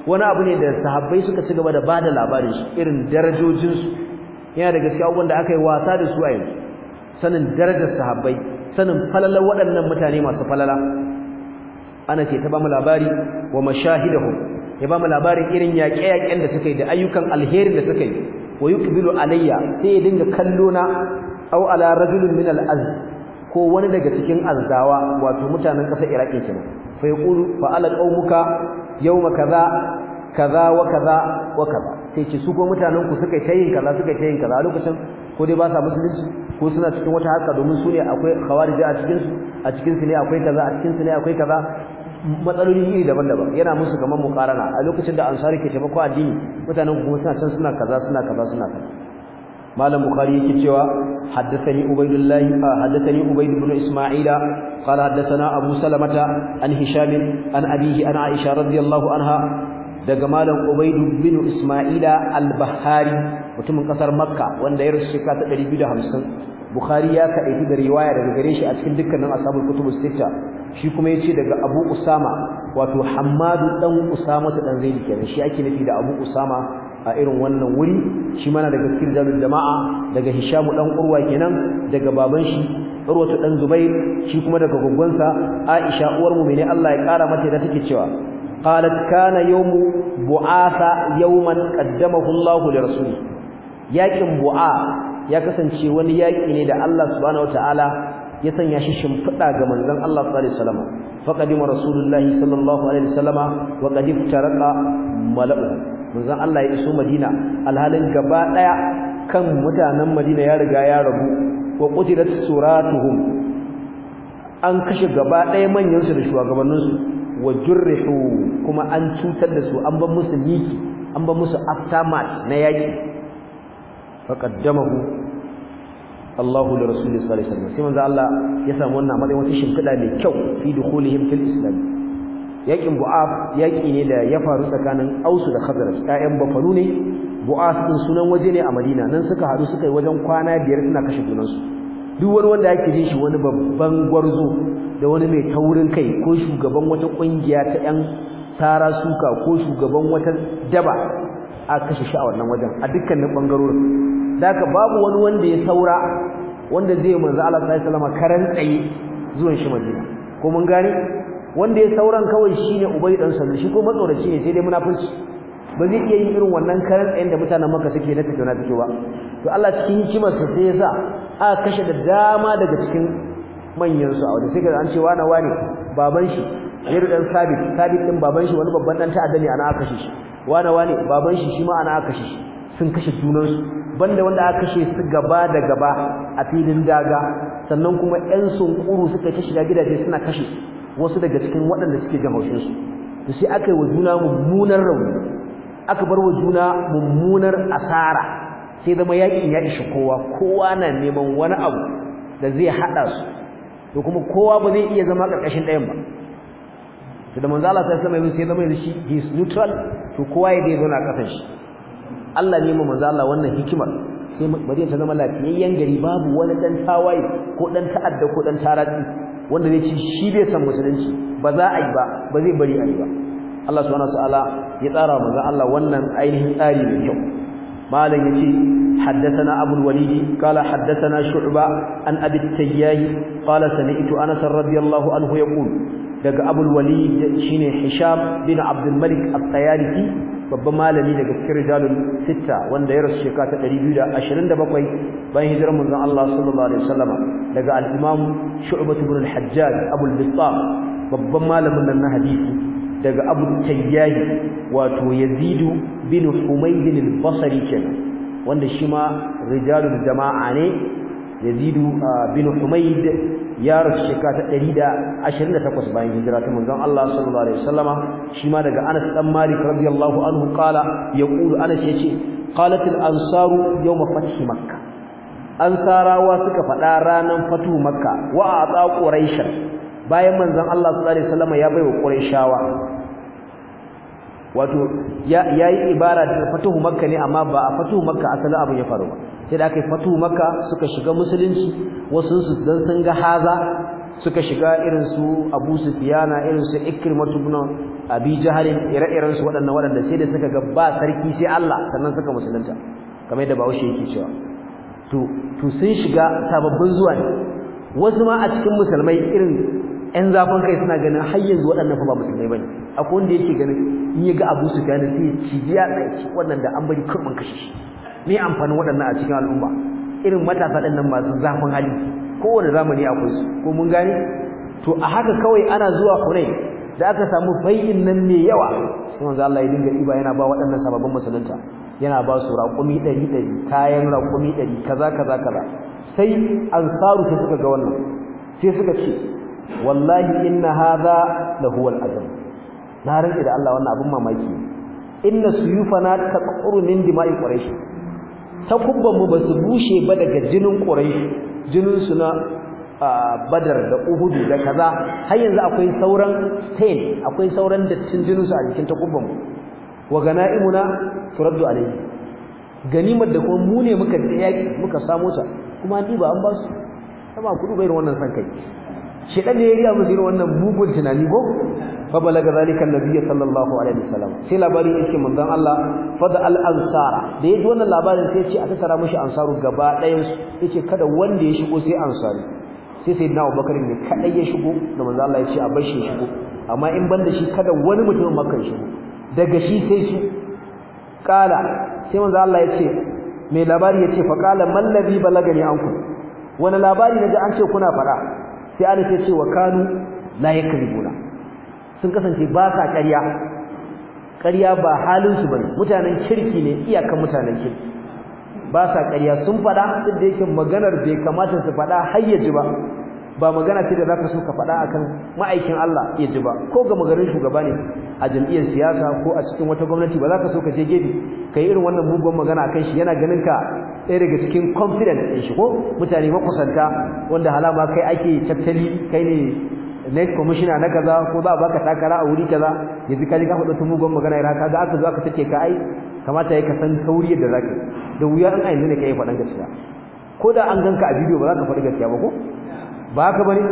[SPEAKER 1] wani abu ne da sahabbai suka ci gaba da bada labarin shi irin darajojin su yana da gaskiya abubuwan da aka yi wasa da su a yanzu sanin darajar sahabbai sanin falalar waɗannan mutane masu falala ana ce ta bamu labari wa mashahidahum ya ba mu labarin irin yaƙe-yaƙen da suka yi da ayyukan alherin da suka yi wa yuqbilu alayya sai ya dinga kallo na aw ala rajulin min al ko wani daga cikin azdawa wato mutanen ƙasar Iraki kenan fa yaqulu fa ala qaumuka yawma kaza kaza wa kaza wa kaza sai ce su ko mutanen ku suka yi tayin kaza suka yi tayin kaza lokacin ko dai ba sa musulunci ko suna cikin wata harka domin su ne akwai khawarij a cikin su a cikin su ne akwai kaza a cikin su ne akwai kaza matsaloli iri daban-daban yana musu kamar mukarana a lokacin da ansari ke taimako addini mutanen kuma suna can suna kaza suna kaza suna kaza malam bukhari yake cewa haddathani ubaydullah haddathani ubayd ibn isma'ila qala haddathana abu salamata an hisham an abihi an aisha radiyallahu anha daga malam ubayd ibn isma'ila al-bahari mutumin kasar makka wanda ya rasu shekara ta 250 bukhari ya kaɗaitu da riwaya daga gare shi a cikin dukkanin ashabul kutubu sita shi kuma yace daga abu usama wato hammadu dan usama ta dan zaidi kenan shi ake nufi da abu usama a irin wannan wuri shi mana daga cikin jalul jama'a daga hishamu dan urwa kenan daga baban shi urwatu dan zubair shi kuma daga gungunsa aisha uwar mu'mini Allah ya kara mata da take cewa qalat kana yawmu bu'atha yawman qaddamahu Allah li yakin bu'a ya kasance wani yaki ne da Allah subhanahu wataala ya sanya shi shimfida ga manzon Allah sallallahu alaihi wasallam faqadima rasulullahi sallallahu alaihi wasallama wa qad iftaraqa mala'u manzon Allah ya iso Madina alhalin gaba daya kan mutanen Madina ya riga ya rabu wa qutilat suratuhum an kashe gaba daya manyan su da shugabannin su wa jurrihu kuma an cutar da su an ban musu miki an ban musu aftermath na yaki faqaddamahu Allahu da Rasulullahi sallallahu alaihi wasallam sai Allah ya samu wannan matsayin wata shimfida mai kyau fi dukhulihim fil islam yakin bu'af yaki ne da ya faru tsakanin Ausu da Khazraj ƴaƴan bafanu ne bu'af din sunan waje ne a Madina nan suka haɗu suka yi wajen kwana biyar suna kashe su duk wani wanda yake jin shi wani babban gwarzo da wani mai taurin kai ko shugaban wata kungiya ta ƴan tsara suka ko shugaban wata daba a kashe shi a wannan wajen a dukkanin Da ka babu wani wanda ya saura wanda zai yi manzo Allah sallallahu alaihi wasallam karan tsaye zuwan shi Madina ko mun gane wanda ya sauran kawai shine Ubay dan sallu shi ko matsoraci ne sai dai munafici ba zai iya yin irin wannan karan tsayen da mutanen Makka suke na tattauna take ba to Allah cikin hikimar sa sai yasa aka kashe da dama daga cikin manyan su a wajen sai ga an ce wani wani baban shi Zaid dan Sabit Sabit din baban shi wani babban dan ta'adda ne ana aka kashe shi wane wane baban shi shi ma ana aka shi sun kashe junansu banda wanda aka kashe su gaba da gaba a filin daga sannan kuma ƴan ƙuru suka ta shiga gidaje suna kashe wasu daga cikin waɗanda suke jamaushin su to sai aka yi wa juna mummunar rauni aka bar wa juna mummunar asara sai zama yakin ya ishi kowa kowa na neman wani abu da zai haɗa su to kuma kowa ba zai iya zama ƙarƙashin ɗayan ba to da manzo Allah sai sama yayin sai zama yanzu shi he is neutral to kowa ya dai zauna kasan shi Allah ne mu manzo Allah wannan hikimar sai Madina ta zama lafiyayyen gari babu wani dan tawaye ko dan ta'adda ko dan taradi wanda zai ci shi bai san musulunci ba za a yi ba ba zai bari a yi ba Allah subhanahu wa ta'ala ya tsara manzo Allah wannan ainihin tsari mai kyau malam yace haddathana abul walid qala haddathana shu'ba an abi tayyah qala sami'tu anas radiyallahu anhu yaqul daga abul walid shine hisham bin abdul malik at-tayalisi babban malami daga cikin rijalul sitta wanda ya rasu shekara ta 227 bayan hijirar manzon Allah sallallahu alaihi wasallam daga al-imam shu'bah ibn al-hajjaj abul babban malamin nan na hadisi daga abu tayyahi wato yazidu bin humaydin al-basri kenan wanda shi ma rijalul jama'a ne yazidu bin humayd ya rasu shekara ta 128 bayan hijira ta manzon Allah sallallahu alaihi wasallama shi ma daga Anas dan Malik radiyallahu anhu qala yaqulu Anas yace qalat al-ansaru yawm fathi makkah ansarawa suka fada ranan fatu makkah wa ata quraishan bayan manzon Allah sallallahu alaihi wasallam ya baiwa Qurayshawa wato yayi ibara da fatuhu makka ne amma ba a fatuhu makka asalin abin ya faru ba sai da aka yi fatuhu makka suka shiga musulunci wasu su dan sun ga haza suka shiga irin su Abu Sufyan irin su Ikrimah ibn Abi Jahl ire-iren su waɗannan waɗanda sai da suka ga ba sarki sai Allah sannan suka musulunta kamar yadda Bahaushe yake cewa to to sun shiga sababbin zuwa ne wasu ma a cikin musulmai irin ƴan zafin kai suna ganin har yanzu waɗannan fa ba musulmai bane akwai wanda yake ganin in ya ga Abu Sufyan sai ya ciji ya tsaye wannan da an bari kurban kashe shi me amfanin waɗannan a cikin al'umma irin matasa ɗan nan masu zafin hali kowane zamani akwai su ko mun gane to a haka kawai ana zuwa Hunain da aka samu fai'in nan ne yawa sai manzo Allah ya dinga iba yana ba waɗannan sababbin musulunta yana ba su raƙumi ɗari ɗari kayan raƙumi ɗari kaza kaza kaza sai ansaru ta suka ga wannan sai suka ce wallahi inna hadha la huwa al-ajab na rike da Allah wannan abun mamaki inna suyufana taqru min dima'i quraish takubban mu basu bushe ba daga jinin quraish jinin su na badar da uhudu da kaza har yanzu akwai sauran stain akwai sauran dattin jinin su a jikin takubban mu wa ganaimuna turaddu alayhi ganimar da kuma mu ne muka yaki muka samu ta kuma ni ba an ba su sama kudu bai wannan san kai shedan ne ya riya musu wannan mugun tunani ko fa balaga zalika annabi sallallahu alaihi wasallam sai labari yake manzon Allah fada al ansara da yaji wannan labarin sai ya ce a tattara mishi ansaru gaba ɗayan su yace kada wanda ya shigo sai ansari sai sayyidina Abubakar ne kadai ya shigo da manzon Allah ya ce a bashi ya shigo amma in banda shi kada wani mutum makan shigo daga shi sai su kala sai manzon Allah ya ce mai labari ya ce fa kala mallabi balagani anku wani labari naji an ce kuna fara sai ana ce wa kanu la yakribuna sun kasance ba sa ƙarya ƙarya ba halin su bane mutanen kirki ne iyakan mutanen kirki ba sa ƙarya sun faɗa duk da yake maganar bai kamata su faɗa hayyaji ba ba magana ce da zaka so ka faɗa akan ma'aikin Allah ya ji ba ko ga magarin shugaba ne a jam'iyyar siyasa ko a cikin wata gwamnati ba zaka so ka je gefe ka yi irin wannan mugun magana akan shi yana ganin ka ɗaya daga cikin confident ɗin shi ko mutane makusanta wanda halama kai ake tattali kai ne net commissioner na kaza ko za a baka takara a wuri kaza yanzu ka ji ka faɗa mugun magana ira kaga aka zo aka take ka ai kamata ya ka san kauri yadda zaka da wuya an ayyana ne yi faɗan gaskiya ko da an ganka a bidiyo ba za ka faɗi gaskiya ba ko ba ka bane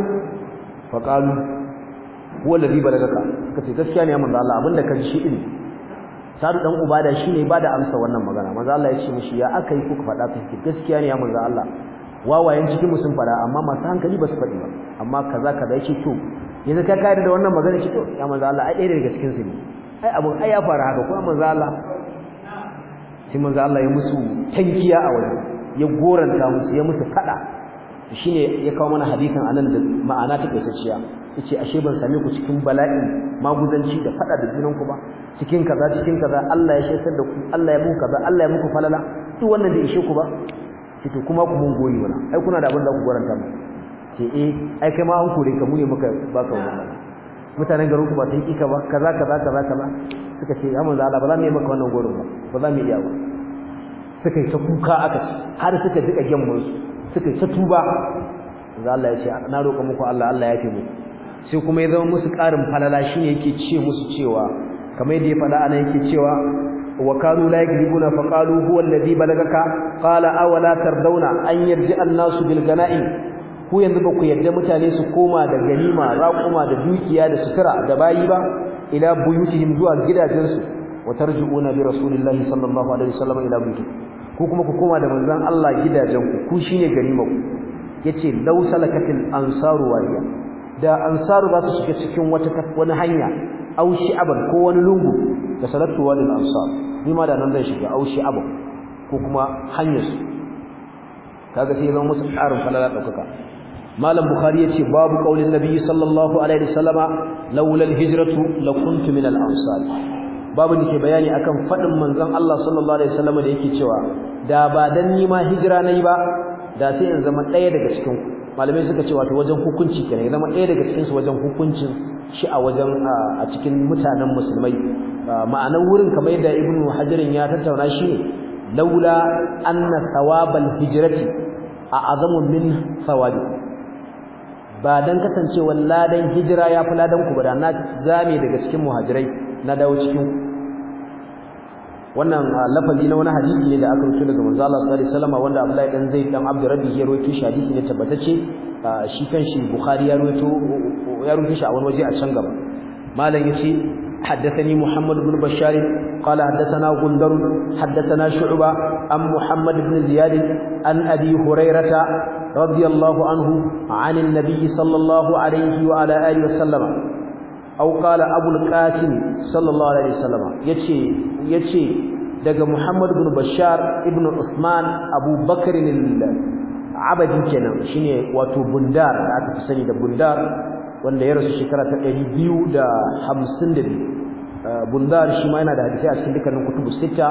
[SPEAKER 1] fa qalu huwa alladhi balagaka kace gaskiya ne ya manzo Allah abinda ka ji shi din sadu dan ubada shine ba da amsa wannan magana manzo Allah ya ce mishi ya akai ka faɗa kake gaskiya ne ya manzo Allah wawayen cikin musun fara amma masu hankali ba su faɗi ba amma kaza kaza yake to yanzu ka kai da wannan magana shi to ya manzo Allah ai ɗaya daga su ne ai abun ai ya fara haka kuma manzo Allah sai manzo Allah ya musu tankiya a wurin ya goranta musu ya musu fada shine ya kawo mana hadisin anan da ma'ana ta kaitacciya yace ashe ban same ku cikin bala'i maguzanci da fada da junan ku ba cikin kaza cikin kaza Allah ya shekar da ku Allah ya muku kaza Allah ya muku falala duk wannan da ishe ku ba to kuma ku mun goyi wala ai kuna da abin da ku goranta mu ce eh ai kai ma an kore ka mu ba ka baka wannan mutanen garin ku ba ta yi ka ba kaza kaza kaza kaza suka ce amma Allah ba za mu yi maka wannan gorin ba ba za mu iya ba suka yi ta kuka aka har suka duka gemmun su suka ta tuba Za Allah ya ce na roƙa muku Allah Allah ya fi mu sai kuma ya zama musu ƙarin falala shine yake ce musu cewa kamar yadda ya faɗa ana yake cewa wa kanu la yagribuna fa qalu huwa alladhi balagaka qala awa na tardawna an yarji an-nasu bil ku yanzu ba ku yarda mutane su koma da ganima raƙuma da dukiya da sutura da bayi ba ila buyutihim zuwa gidajensu wa tarji'una bi rasulillahi sallallahu alaihi wasallam ila buyutihim ko kuma ku koma da manzon Allah gidajen ku ku shine ganimar ku yace law salakatil ansaru wariya da ansaru ba su shiga cikin wata wani hanya aw shi'aban ko wani lungu da salatu walil ansar ni ma da nan zan shiga aw shi'aban ko kuma hanyar su kaga sai zan musu tsarin falala daukaka malam bukhari yace babu qaulin nabi sallallahu alaihi wasallama laula al-hijratu lakuntu min al-ansar babu da ke bayani akan faɗin manzon Allah sallallahu alaihi wasallam da yake cewa da ba dan ni ma hijira nayi ba da sai in zama ɗaya daga cikin malamai suka ce wato wajen hukunci kenan zama ɗaya daga cikin su wajen hukuncin shi a wajen a cikin mutanen musulmai ma'anar wurin kamar yadda ibnu hajarin ya tattauna shi ne laula anna thawabal hijrati a azamu min thawabi ba dan kasancewa ladan hijira ya fi ladan ku ba da na zame daga cikin muhajirai na dawo cikin wannan ah, lafazi na wani hadisi ne da aka rubuta daga manzo Allah sallallahu alaihi wasallam wanda Abdullahi dan Zaid dan Abdurrabbi ya roki shi hadisi ne tabbatacce ah, shi kanshi Bukhari ya roto ya roki shi a wani waje a can gaba malam yace حدثني محمد بن بشار قال حدثنا غندر حدثنا شعبة عن محمد بن زياد عن أبي هريرة رضي الله عنه عن النبي صلى الله عليه وعلى آله وسلم aw abul qasim sallallahu alaihi wasallam yace yace daga muhammad ibn bashar ibn usman abubakar al abadin kenan shine wato bundar da aka sani da bundar wanda ya rasu shekara ta 252 bundar shi ma yana da hadisi a cikin dukkanin kutubu sita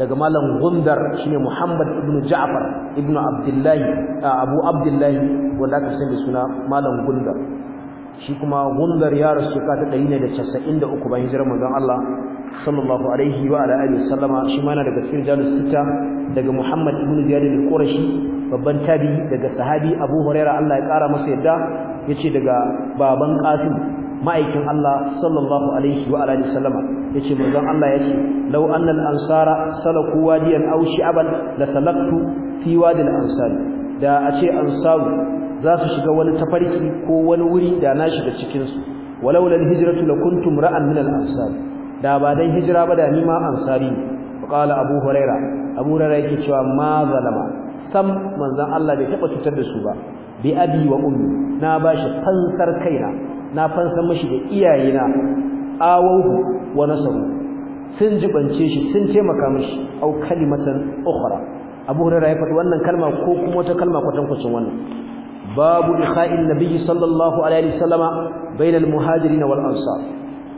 [SPEAKER 1] daga malam gundar shine muhammad ibn ja'far ibn abdullahi abu abdullahi wanda aka sani suna malam gundar shi kuma gundar ya rasu ka ta 193 bayan hijirar manzon Allah sallallahu alaihi wa ala alihi sallama shi ma na daga cikin jalus sita daga Muhammad ibn Ziyad al-Qurashi babban Tabi, daga sahabi Abu Hurairah Allah ya kara masa yadda yace daga baban Qasim ma'aikin Allah sallallahu alaihi wa alihi sallama yace manzon Allah yace law annal ansara salaku wadiyan aw shi'aban la salaktu fi wadi al-ansari da a ce ansaru za su shiga wani tafarki ko wani wuri da na shiga cikin su walaula alhijratu lakuntum ra'an min al-ansar da ba dan hijira ba da ni ma ansari qala abu huraira abu huraira yake cewa ma zalama sam manzon Allah bai taba cutar da su ba bi abi wa ummi na bashi fansar kaina na fansar mishi da iyayena awahu wa nasaru sun jibance shi sun taimaka mishi au kalimatan ukhra abu huraira ya faɗi wannan kalma ko kuma wata kalma kwatankwacin wannan babu ikha'in nabiyyi sallallahu alaihi wasallama bainal muhajirin wal ansar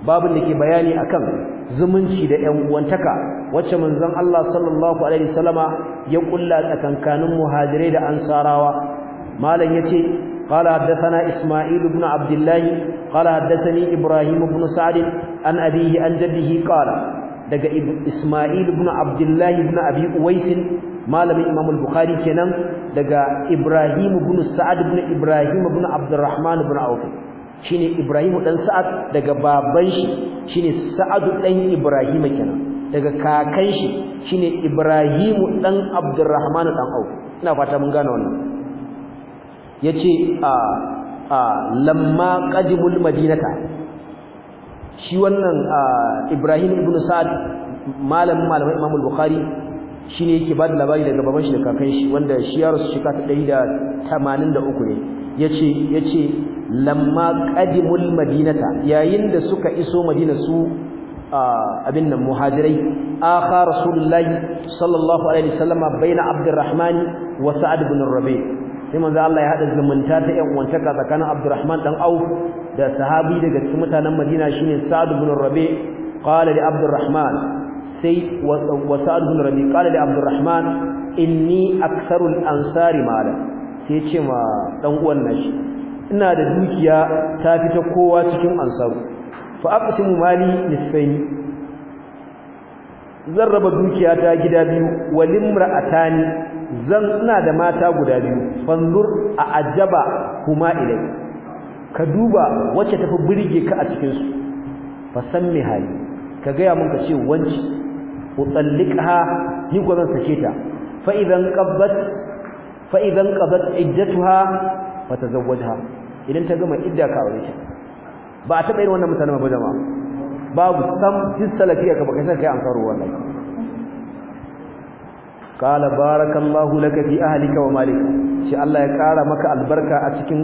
[SPEAKER 1] babun dake bayani akan zumunci da 'yan uwantaka wacce manzon Allah sallallahu alaihi wasallama ya kulla tsakankanin muhajirai da ansarawa malam yace قال حدثنا إسماعيل بن عبد الله قال حدثني إبراهيم بن سعد عن أبيه عن جده قال دق إسماعيل بن عبد الله بن أبي أويس malamin Imam al-Bukhari kenan daga Ibrahim ibn Sa'ad ibn Ibrahim ibn Abdurrahman ibn Auf shine Ibrahim dan Sa'ad daga baban shi shine Sa'ad dan Ibrahim kenan daga kakan shi shine Ibrahim dan Abdurrahman dan Auf ina fata mun gane wannan yace a a lamma qadimul madinata shi wannan Ibrahim ibn Sa'ad malamin malamin Imam al-Bukhari shine yake da labari daga baban shi da kakan shi wanda shi yaro su shika ta 183 ne yace yace lamma qadimul madinata yayin da suka iso madina su abin nan muhajirai akha rasulullahi sallallahu alaihi wasallam baina abdurrahman wa sa'ad ibn rabi sai manzo Allah ya hada zumunta ta yan uwantaka tsakanin abdurrahman dan auf da sahabi daga cikin mutanen madina shine sa'ad ibn rabi qala li abdurrahman sai wa sa'ad rabi qala li abdurrahman inni aktharul ansari mala sai ce ma dan uwan nashi ina da dukiya ta fita kowa cikin ansaru fa aqsimu mali nisfaini zan raba dukiya ta gida biyu walimra'atani zan ina da mata guda biyu fanzur a ajaba kuma ilai ka duba wacce tafi birge ka a cikin su fa sammi hali ka gaya mun ka ce wanci utalliqha ni ko zan sake ta fa idan qabbat fa idan qabat iddatuha fa tazawwajha idan ta gama idda ka aure ta ba a taba irin wannan mutanen ba jama'a babu sam fi salafiya ka baka san kai an karo wannan qala barakallahu laka fi ahlika wa malika shi Allah ya kara maka albarka a cikin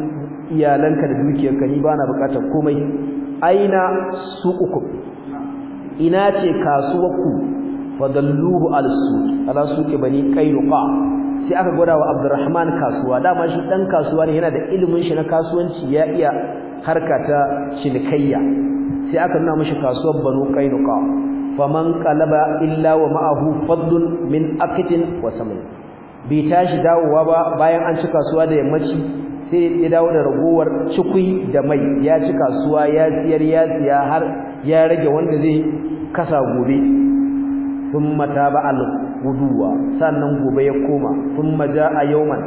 [SPEAKER 1] iyalanka da dukiyarka ni bana bukatar komai aina suqukum ina ce kasuwarku fadalluhu al-suq ala suqi bani qaynuqa sai aka gwada wa Abdurrahman kasuwa dama shi dan kasuwa ne yana da ilimin shi na kasuwanci ya iya harka ta cinikayya sai aka nuna mishi kasuwar banu qaynuqa faman qalaba illa wa ma'ahu fadlun min aqtin wa Bai bi tashi dawowa ba bayan an ci kasuwa da yammaci sai ya dawo da ragowar cikui da mai ya ci kasuwa ya tsiyar ya siya har ya rage wanda zai kasa gobe mata ba al guduwa sannan gobe ya koma a yau yawman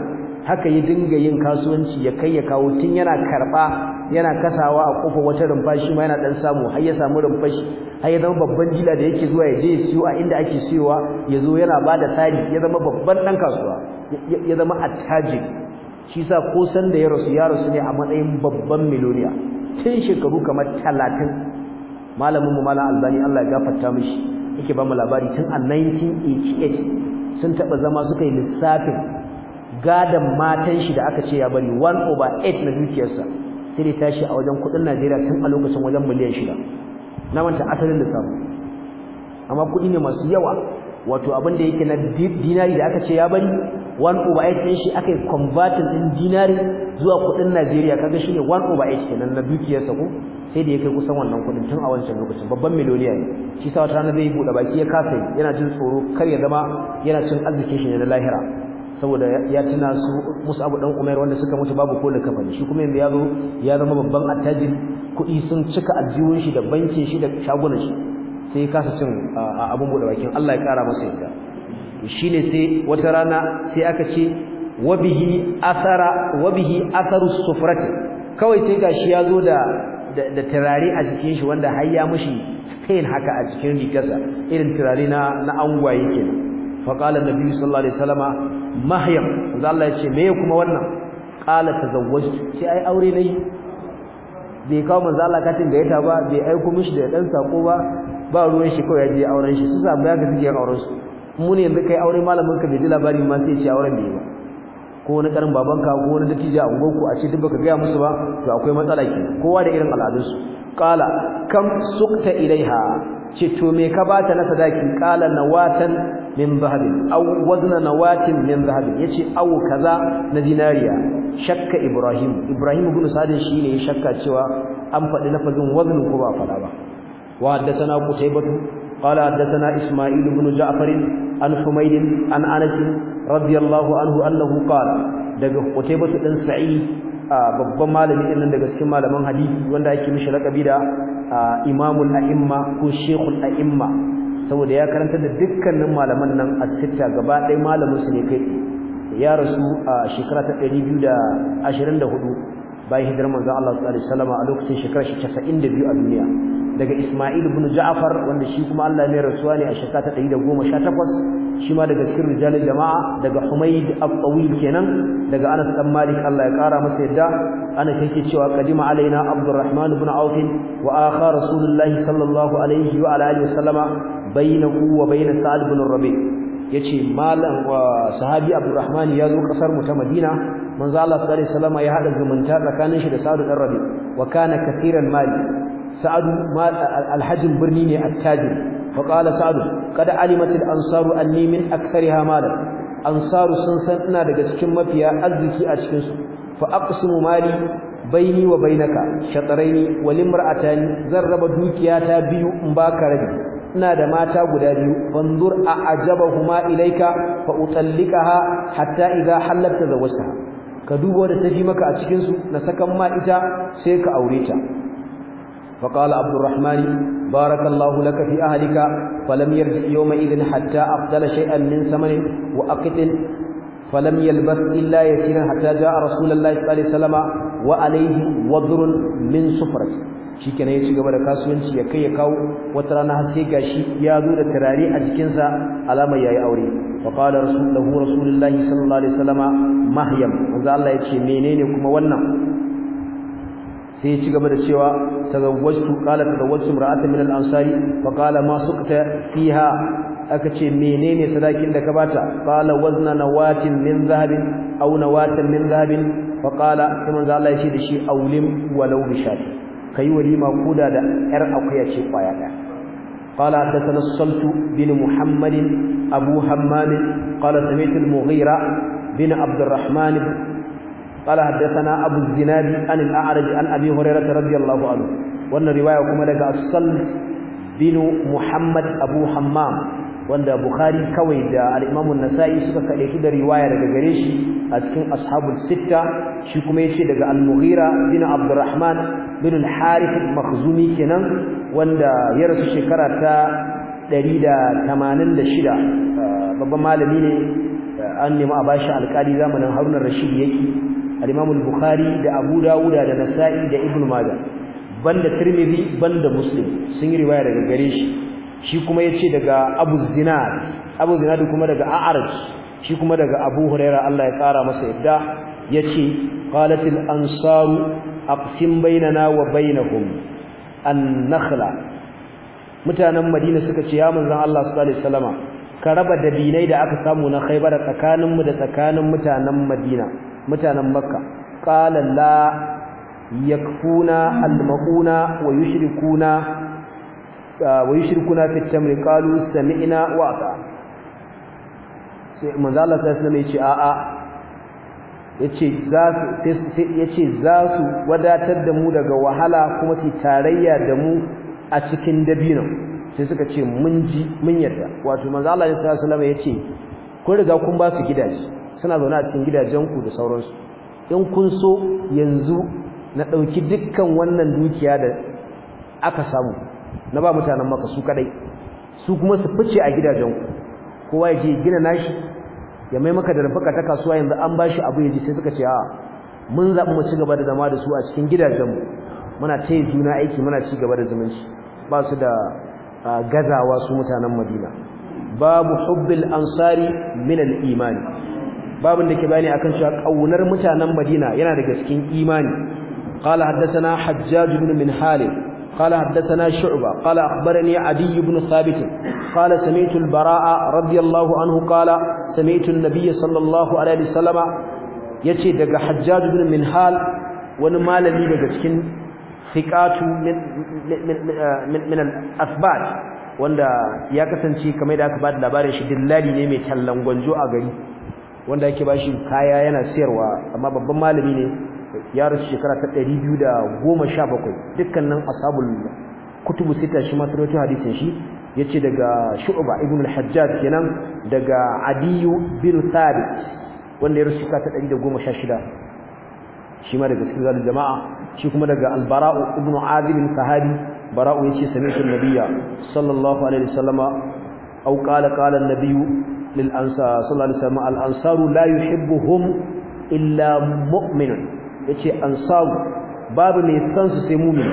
[SPEAKER 1] haka ya dinga yin kasuwanci ya kai ya kawo tun yana karba yana kasawa a kofa wata rumfashi ma yana ɗan samu har ya samu rumfashi har ya zama babban jila da yake zuwa ya je siyo a inda ake siyowa ya zo yana bada tari ya zama babban dan kasuwa ya zama a caji. shi sa ko san da ya rasu ya rasu ne a matsayin babban miloniya tun shekaru kamar talatin malamin mu malam albani Allah ya gafarta mishi yake ba mu labari tun a 1988 sun taba zama suka yi lissafin gadan matan shi da aka ce ya bari 1 over 8 na dukiyarsa sai dai tashi a wajen kudin Najeriya tun a lokacin wajen miliyan 6 na manta asalin samu amma kudi ne masu yawa wato abin da yake na dinari da aka ce ya bari 1 over 8 din shi aka yi converting din dinari zuwa kudin Najeriya kaga shine 1 over 8 kenan na dukiyarsa ko sai da ya kai kusan wannan kudin tun a wancan lokacin babban miliyoniya ne shi sa wata rana zai buɗe baki ya kasa yana jin tsoro kar ya zama yana cin arziki shi na lahira saboda ya tuna su Musa Abu Dan Umair wanda suka mutu babu ko kafani shi kuma yanzu ya zo ya zama babban attajiri kuɗi sun cika aljihun shi da bankin shi da shagunan shi sai kasa cin abin bude bakin Allah ya ƙara masa yadda to shine sai wata rana sai aka ce wabihi athara wabihi atharu sufrati kawai sai gashi ya zo da da turare a jikin shi wanda har ya mushi stain haka a jikin rigarsa irin turare na na angwaye kenan fa qala nabi sallallahu alaihi wasallama mahyam manzo Allah ya ce me kuma wannan qala tazawwajtu sai ai aure nayi bai kawo manzo Allah katin gayyata ba bai aiko mishi da dan sako ba ba ruwan shi kawai ya je auren shi su sa ba ga suke yin auren su mu ne yanzu kai aure malamin ka bai ji labari ma sai ce auren bai ba ko wani karin babanka ko wani dattijo a ku a ce duk baka gaya musu ba to akwai matsala ke kowa da irin al'adunsu qala kam sukta ilaiha ce to me ka bata na sadaki qala nawatan min zahabin aw wazna nawatin min zahabin yace aw kaza na dinariya shakka ibrahim ibrahim ibn sa'd shine ya shakka cewa an faɗi lafazin wazn ko ba faɗa ba وحدثنا قتيبة قال حدثنا إسماعيل بن جعفر عن حميد عن أنس رضي الله عنه أنه قال دقى قتيبة بن سعيد babban malami din nan daga cikin malaman hadisi wanda ake mishi lakabi da imamul a'imma ko shekun a'imma saboda ya karanta da dukkanin malaman nan a sitta gaba ɗaya malamin ne kai ya rasu a shekara ta 224 bayan hijirar manzon Allah sallallahu alaihi wasallam a lokacin shekarar shi 92 a duniya daga Isma'il ibn Ja'far wanda shi kuma Allah mai rasuwa ne a shekara ta 118 shi ma daga cikin rijalul jama'a daga Humayd al kenan daga Anas dan Malik Allah ya kara masa yadda ana yake cewa qadima alaina Abdurrahman ibn Auf wa akha Rasulullahi sallallahu alaihi wa ala alihi wasallama bainahu wa bain Sa'd ibn Rabi yace malam wa sahabi Abdurrahman ya zo kasar mu ta Madina manzo Allah sallallahu alaihi wasallama ya hada zumunta tsakanin shi da Sa'd ibn Rabi wa kana kathiran mali sa'adu alhajin birni ne a fa qala sa'adu kada alimat al-ansaru anni min akthariha malan ansaru sun san ina daga cikin mafiya arziki a cikinsu. su fa aqsimu mali baini wa bainaka shataraini wa limra'atani zan raba dukiyata biyu in baka rabi ina da mata guda biyu fanzur a ajabahuma ilaika fa utallikaha hatta idza hallatta zawajtaha ka duba da tafi maka a cikin na sakan ma ita sai ka aure ta فقال عبد الرحمن بارك الله لك في أهلك فلم يرجع يومئذ حتى أقتل شيئا من ثمن وأقتل فلم يلبث إلا يسيرا حتى جاء رسول الله صلى الله عليه وسلم وعليه وضر من صفرة shi kenan ya ci gaba da kasuwanci ya kai ya kawo wata rana har sai gashi ya zo da turare a jikinsa alama yayi aure wa qala rasulullahi sallallahu alaihi wasallama mahyam manzo Allah ya ce menene kuma wannan sai ci gaba da cewa tazawwajtu qala tazawwajtu min al-ansari fa qala ma suqta fiha aka ce menene sadakin da ka bata qala wazna nawatin min zahabin aw nawatan min zahabin fa qala Allah ya ce da shi walau bishati kai walima kuda da yar akuya ce kwaya da قال حدثنا الصلت بن محمد قال حدثنا ابو الزناد عن الاعرج عن ابي هريره رضي الله عنه وان روايه كما لك اصل بن محمد ابو حمام وان البخاري كوي ده daga gare shi a cikin ashabul sitta shi kuma yace daga al-mughira bin abd alrahman bin al-harith al-makhzumi kenan wanda ya rasu shekara ta 186 babban malami ne an nemi a bashi alƙali zamanin Harun Rashid yake al bukhari da Abu Dawud da Nasa'i da Ibn Majah banda Tirmidhi banda Muslim sun yi riwaya daga gare shi shi kuma yace daga Abu Zinad Abu Zinad kuma daga A'raj shi kuma daga Abu Huraira Allah ya kara masa yadda yace qalatil ansaru aqsim bainana wa bainahum an-nakhla mutanen Madina suka ce ya manzon Allah sallallahu alaihi wasallama ka raba dabinai da aka samu na Khaibar tsakaninmu da tsakanin mutanen Madina mutanen makka qala la yakfuna almaquna wa yushrikuna uh, wa yushrikuna fi tamri qalu sami'na wa ata sai manzo Allah sai ya ce a a yace za su yace za su wadatar da mu daga wahala kuma su tarayya da mu a cikin dabinan sai suka ce mun ji mun yarda wato manzo Allah sallallahu alaihi yace kun riga kun ba su gidaje suna zaune a cikin gidajenku ku da sauransu in kun so yanzu na ɗauki dukkan wannan dukiya da aka samu na ba mutanen maka su kadai su kuma su fice a gidajen kowa ya je gina nashi ya mai maka da rafaka ta kasuwa yanzu an bashi abu ya ji sai suka ce a mun zaɓi mu ci gaba da zama da su a cikin gidajenmu muna ta juna aiki muna ci gaba da zumunci ba su da gazawa su mutanen madina babu hubbil ansari min al-imani babin da ke bayani akan cewa kaunar mutanen Madina yana daga cikin imani قال حدثنا حجاج بن من حالب قال حدثنا شعبة قال أخبرني عدي بن ثابت قال سمعت البراء رضي الله عنه قال سمعت النبي صلى الله عليه وسلم يتي دغ حجاج بن منهال وني مالمي daga cikin thiqatu min min al-athbat wanda ya kasance kamar da aka ba da labarin shi dillali ne mai tallan gwanjo a gari wanda yake bashi kaya yana siyarwa amma babban malami ne ya rasu shekara ta 217 dukkanin ashabul kutubu sita shi ma sarwato hadisin shi yace daga Shu'ba ibn al-Hajjaj kenan daga Adiyu bin Thabit wanda ya rasu shekara ta 116 shi ma daga cikin zalim jama'a shi kuma daga Al-Bara'u ibn Azib sahabi bara'u yace sami'tu an-nabiyya sallallahu alaihi wasallama aw qala qala an-nabiyyu lil ansar sallallahu alaihi wasallam al ansaru la yuhibbuhum illa mu'minun yace ansaru babu mai san su sai mu'min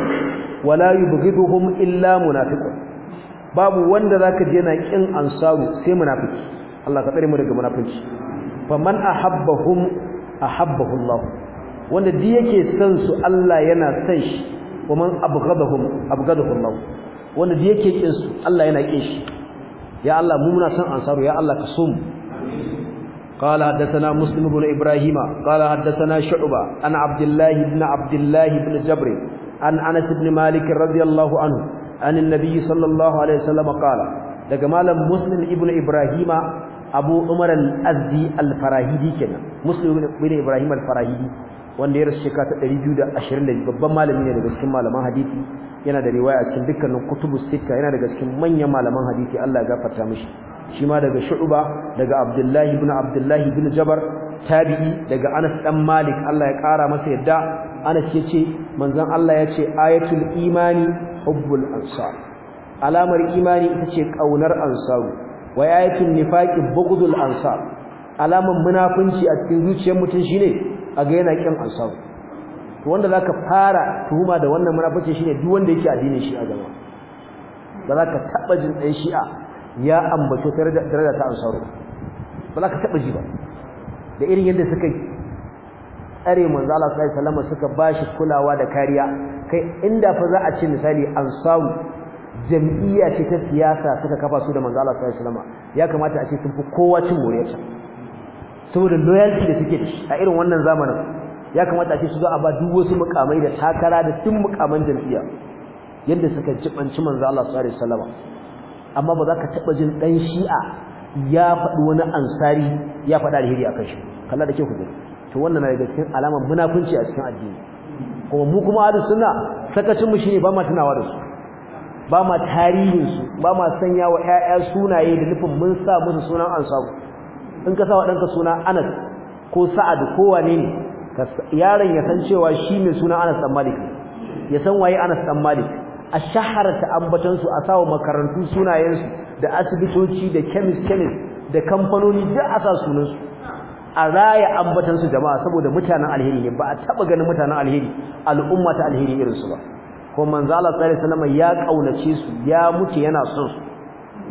[SPEAKER 1] wala yubghiduhum illa munafiqun babu wanda zaka je yana kin ansaru sai munafiki Allah ka tsare mu daga munafici faman ahabbahum ahabbahu Allah wanda duk yake san su Allah yana san shi waman abghadahum abghadahu Allah wanda duk yake kin su Allah yana kin shi ya Allah mu muna san ansaru ya Allah ka sum qala hadathana muslim ibn ibrahim qala hadathana shu'ba ana abdullah ibn abdullah ibn jabr an anas ibn malik radiyallahu anhu an an-nabiy sallallahu alayhi wasallam qala daga malam muslim ibn Ibrahima abu umar al-azdi al-farahidi kenan muslim ibn ibrahim al-farahidi wanda ya rasu shekara ta 220 babban malami ne daga cikin malaman hadisi yana da riwaya cikin dukkanin kutubus sita yana daga cikin manyan malaman hadisi Allah ya gafarta mishi shi ma daga shu'uba daga Abdullahi ibn Abdullahi ibn Jabar tabi'i daga Anas dan Malik Allah ya kara masa yadda Anas yace manzon Allah yace ayatul imani hubbul ansar alamar imani ita ce kaunar ansaru wa ayatul nifaqi bughdul ansar alamar munafunci a cikin zuciyar mutum shine a ga yana kin ansar to wanda zaka fara tuhuma da wannan munafiki shine duk wanda yake addinin shi'a gaba ba za ka taba jin dan shi'a ya ambato daraja ta ansar ba za ka taba ji ba da irin yadda suka tsare manzo Allah sallallahu alaihi wasallam suka bashi kulawa da kariya kai inda fa za a ce misali ansar jam'iyya ce ta siyasa suka kafa su da manzo Allah sallallahu alaihi wasallam ya kamata a ce sun fi kowa cin moriyarsa saboda loyalty da suke ci a irin wannan zamanin ya kamata ake su za a ba duk wasu mukamai da takara da tun mukaman jam'iyya yadda suka jibanci manzo Allah sallallahu alaihi wasallam amma ba za ka taba jin ɗan shi'a ya faɗi wani ansari ya faɗa alheri akan shi kalla da ke ku to wannan na daga alamar munafunci a cikin addini kuma mu kuma ahlus sunna sakacin mu shine ba ma tunawa da su ba ma tarihin ba ma sanya wa 'ya'ya sunaye da nufin mun sa musu sunan ansabu in ka sawa danka suna Anas ko Sa'ad ko wane ne yaron ya san cewa shi mai suna Anas dan Malik ya san waye Anas dan Malik a shaharta ambatan su a sawa makarantu sunayen da asibitoci da chemist chemist da kamfanoni duk a sa sunan su a raya ambatan su jama'a saboda mutanen alheri ne ba a taba ganin mutanen alheri al'umma ta alheri irin su ba ko manzo Allah sallallahu ya kaunace su ya muke yana son su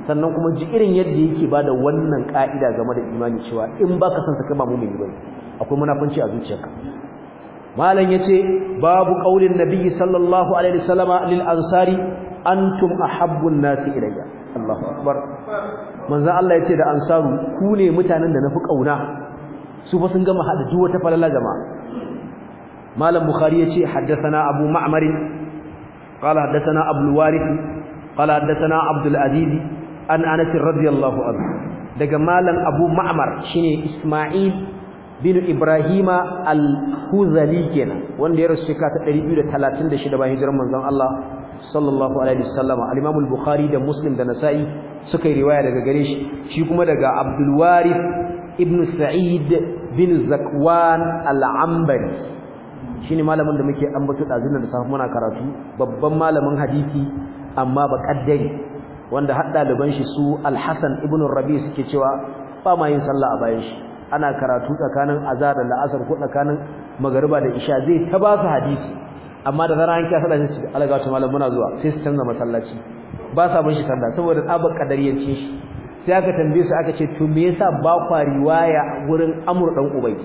[SPEAKER 1] sannan kuma ji irin yadda yake bada wannan ka'ida game da imani cewa in baka san sa kai ba mu'mini bane akwai munafunci a zuciyarka malam yace babu qaulin nabiyyi sallallahu alaihi wasallama lil ansari antum ahabbun nasi ilayya Allahu akbar manzo Allah yace da ansaru ku ne mutanen da nafi kauna su fa sun gama hada duk wata falala jama'a malam bukhari yace haddathana abu ma'mar قال حدثنا أبو الوارث قال حدثنا Abdul العزيز an Anas radiyallahu anhu daga malam Abu Ma'mar shine Isma'il bin Ibrahima al-Huzali kenan wanda ya rasu shekara 236 bayan hijirar manzon Allah sallallahu alaihi wasallam al-Imam al-Bukhari da Muslim da Nasa'i suka yi riwaya daga gare shi shi kuma daga Abdul Warith ibn Sa'id bin Zakwan al-Ambari shine malamin da muke ambato dazun da safa muna karatu babban malamin hadisi amma ba kaddari wanda har ɗaliban shi su alhassan ibn rabi suke cewa ba ma yin sallah a bayan shi ana karatu tsakanin azhar da la'asar ko tsakanin magariba da isha zai ta ba su hadisi amma da zarar an kira da shi alaga ta malam muna zuwa sai su canza masallaci ba sa bin shi sallah saboda tsabar kadariyancin shi sai aka tambaye su aka ce to me yasa ba kwa riwaya gurin amur dan ubai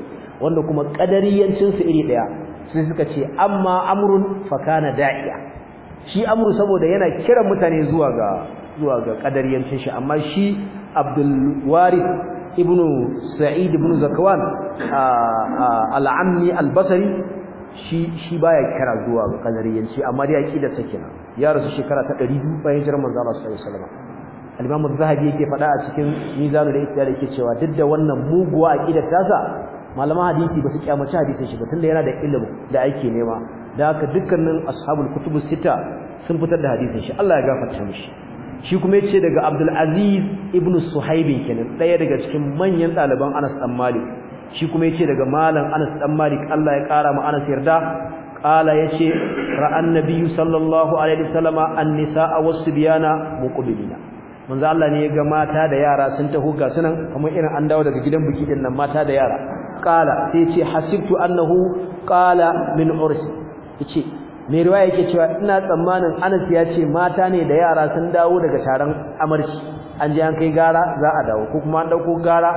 [SPEAKER 1] wanda kuma kadariyancin su iri daya sai suka ce amma amrun fakana da'iya shi amru saboda yana kiran mutane zuwa ga zuwa ga kadariyancin shi amma shi Abdul Warith ibn Sa'id ibn Zakwan al-Ammi al-Basri shi shi baya kira zuwa ga kadariyanci amma dai aqida sakina ya rasu shekara ta 200 bayan hijirar manzo Allah sallallahu alaihi wasallam imam az-Zahabi yake faɗa a cikin Mizanul Ittihad yake cewa duk da wannan muguwa aqidar tasa malaman hadisi ba su kyamaci hadisin shi ba tunda yana da ilimi da ake nema da haka dukkanin ashabul kutubus sita sun fitar da hadisin shi Allah ya gafarta mishi shi kuma ce daga Abdul Aziz ibn Suhaib kenan daya daga cikin manyan ɗaliban Anas dan Malik shi kuma ce daga malam Anas dan Malik Allah ya kara mu Anas yarda qala yace ra'an biyu sallallahu alaihi wasallama an-nisaa was-sibyana muqbilina manzo Allah ne ya ga mata da yara sun taho ga sunan kamar irin an dawo daga gidan biki din nan mata da yara qala sai yace hasibtu annahu qala min ursi yace mai riwaya yake cewa ina tsammanin Anas ya ce mata ne da yara sun dawo daga taron amarci an je an kai gara za a dawo ko kuma an dauko gara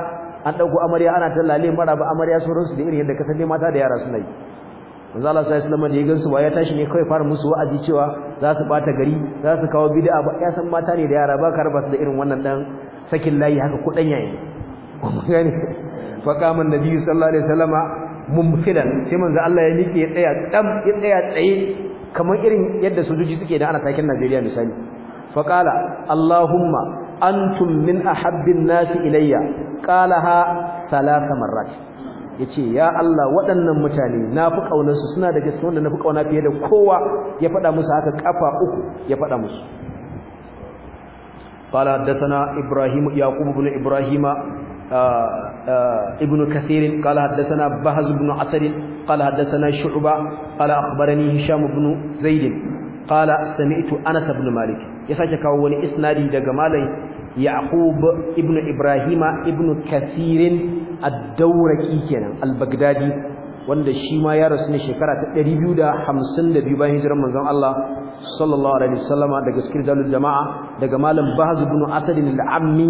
[SPEAKER 1] an dauko amarya ana tallale mara ba amarya sun su da irin yadda kasance mata da yara sun yi manzo Allah sai da ya gansu ba ya tashi ne kai fara musu wa'azi cewa za su bata gari za su kawo bid'a ba ya san mata ne da yara ba ka raba da irin wannan dan sakin layi haka kudan yayi fa kamar nabi sallallahu alaihi wasallama mumkinan sai manzo Allah ya miƙe ya tsaya dam ya tsaya tsaye kamar irin yadda sojoji suke da ana takin Najeriya misali fa qala Allahumma antum min ahabbin nasi ilayya qalaha salasa marrat yace ya Allah waɗannan mutane nafi kaunar su suna da cikin wanda nafi kauna fiye da kowa ya faɗa musu haka kafa uku ya faɗa musu قال حدثنا ابراهيم يعقوب بن ابراهيم ابن كثير قال حدثنا بهز بن عسل قال حدثنا شعبة قال أخبرني هشام بن زيد قال سمعت أنس بن مالك يساك كوني إسنادي دقمالي يعقوب ابن إبراهيم ابن كثير الدوركي كان البغدادي wanda shi ma ya rasu ne shekara ta 252 bayan hijirar manzon Allah sallallahu alaihi wasallama daga cikin dalil jama'a daga malam bahz ibn asad al-ammi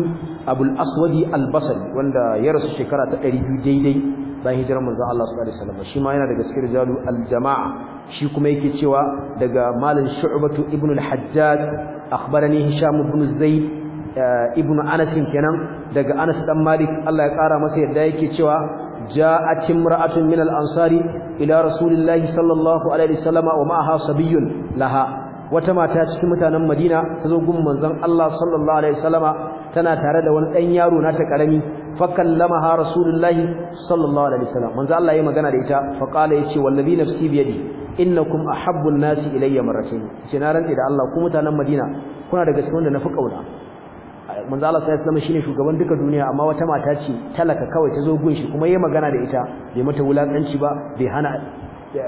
[SPEAKER 1] abul aswadi al-basri wanda ya rasu shekara ta 200 daidai bayan hijirar manzo Allah sallallahu alaihi wasallam shi ma yana daga cikin rijalu al-jama'a shi kuma yake cewa daga malam shu'batu ibn al-hajjaj akhbarani hisham ibn zaid eh, ibn anas kenan daga anas dan malik Allah ya kara masa yadda yake cewa جاءت امرأة من الأنصار إلى رسول الله صلى الله عليه وسلم ومعها صبي لها وتما تاتي متانن مدينة تزو غم منزن الله صلى الله عليه وسلم تنا tare da wani ɗan yaro nata karami fakallamaha rasulullahi sallallahu alaihi wasallam manzo Allah yayi magana da ita fa qala yace wallabi nafsi bi yadi innakum ahabbun nasi ilayya marratayn ce na rantsi da Allah ku mutanen Madina kuna daga cikin wanda fi ƙauna. manzo Allah sai zama shine shugaban duka duniya amma wata mata ce talaka kawai ta zo shi kuma yayi magana da ita bai mata wulakanci ba bai hana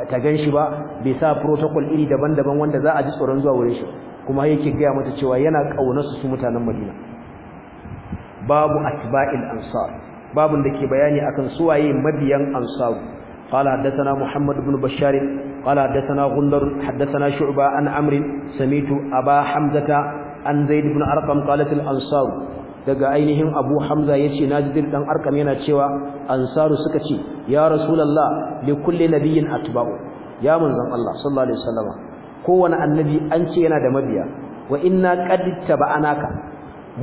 [SPEAKER 1] ta ganshi ba bai sa protocol iri daban-daban wanda za a ji tsoron zuwa wurin shi kuma yake gaya mata cewa yana kaunar su mutanen Madina babu atba'il ansar babun da ke bayani akan su suwaye mabiyan ansar qala hadathana muhammad ibn bashar qala hadathana gundar hadathana shu'ba an amrin samitu aba hamzata an zai ibn arqam qalat al ansar daga ainihin abu hamza ya yace najidir dan arqam yana cewa ansaru suka ce ya rasulullah li kulli nabiyyin atba'u ya manzon Allah sallallahu alaihi wasallam kowane annabi an ce yana da mabiya wa inna qad taba'anaka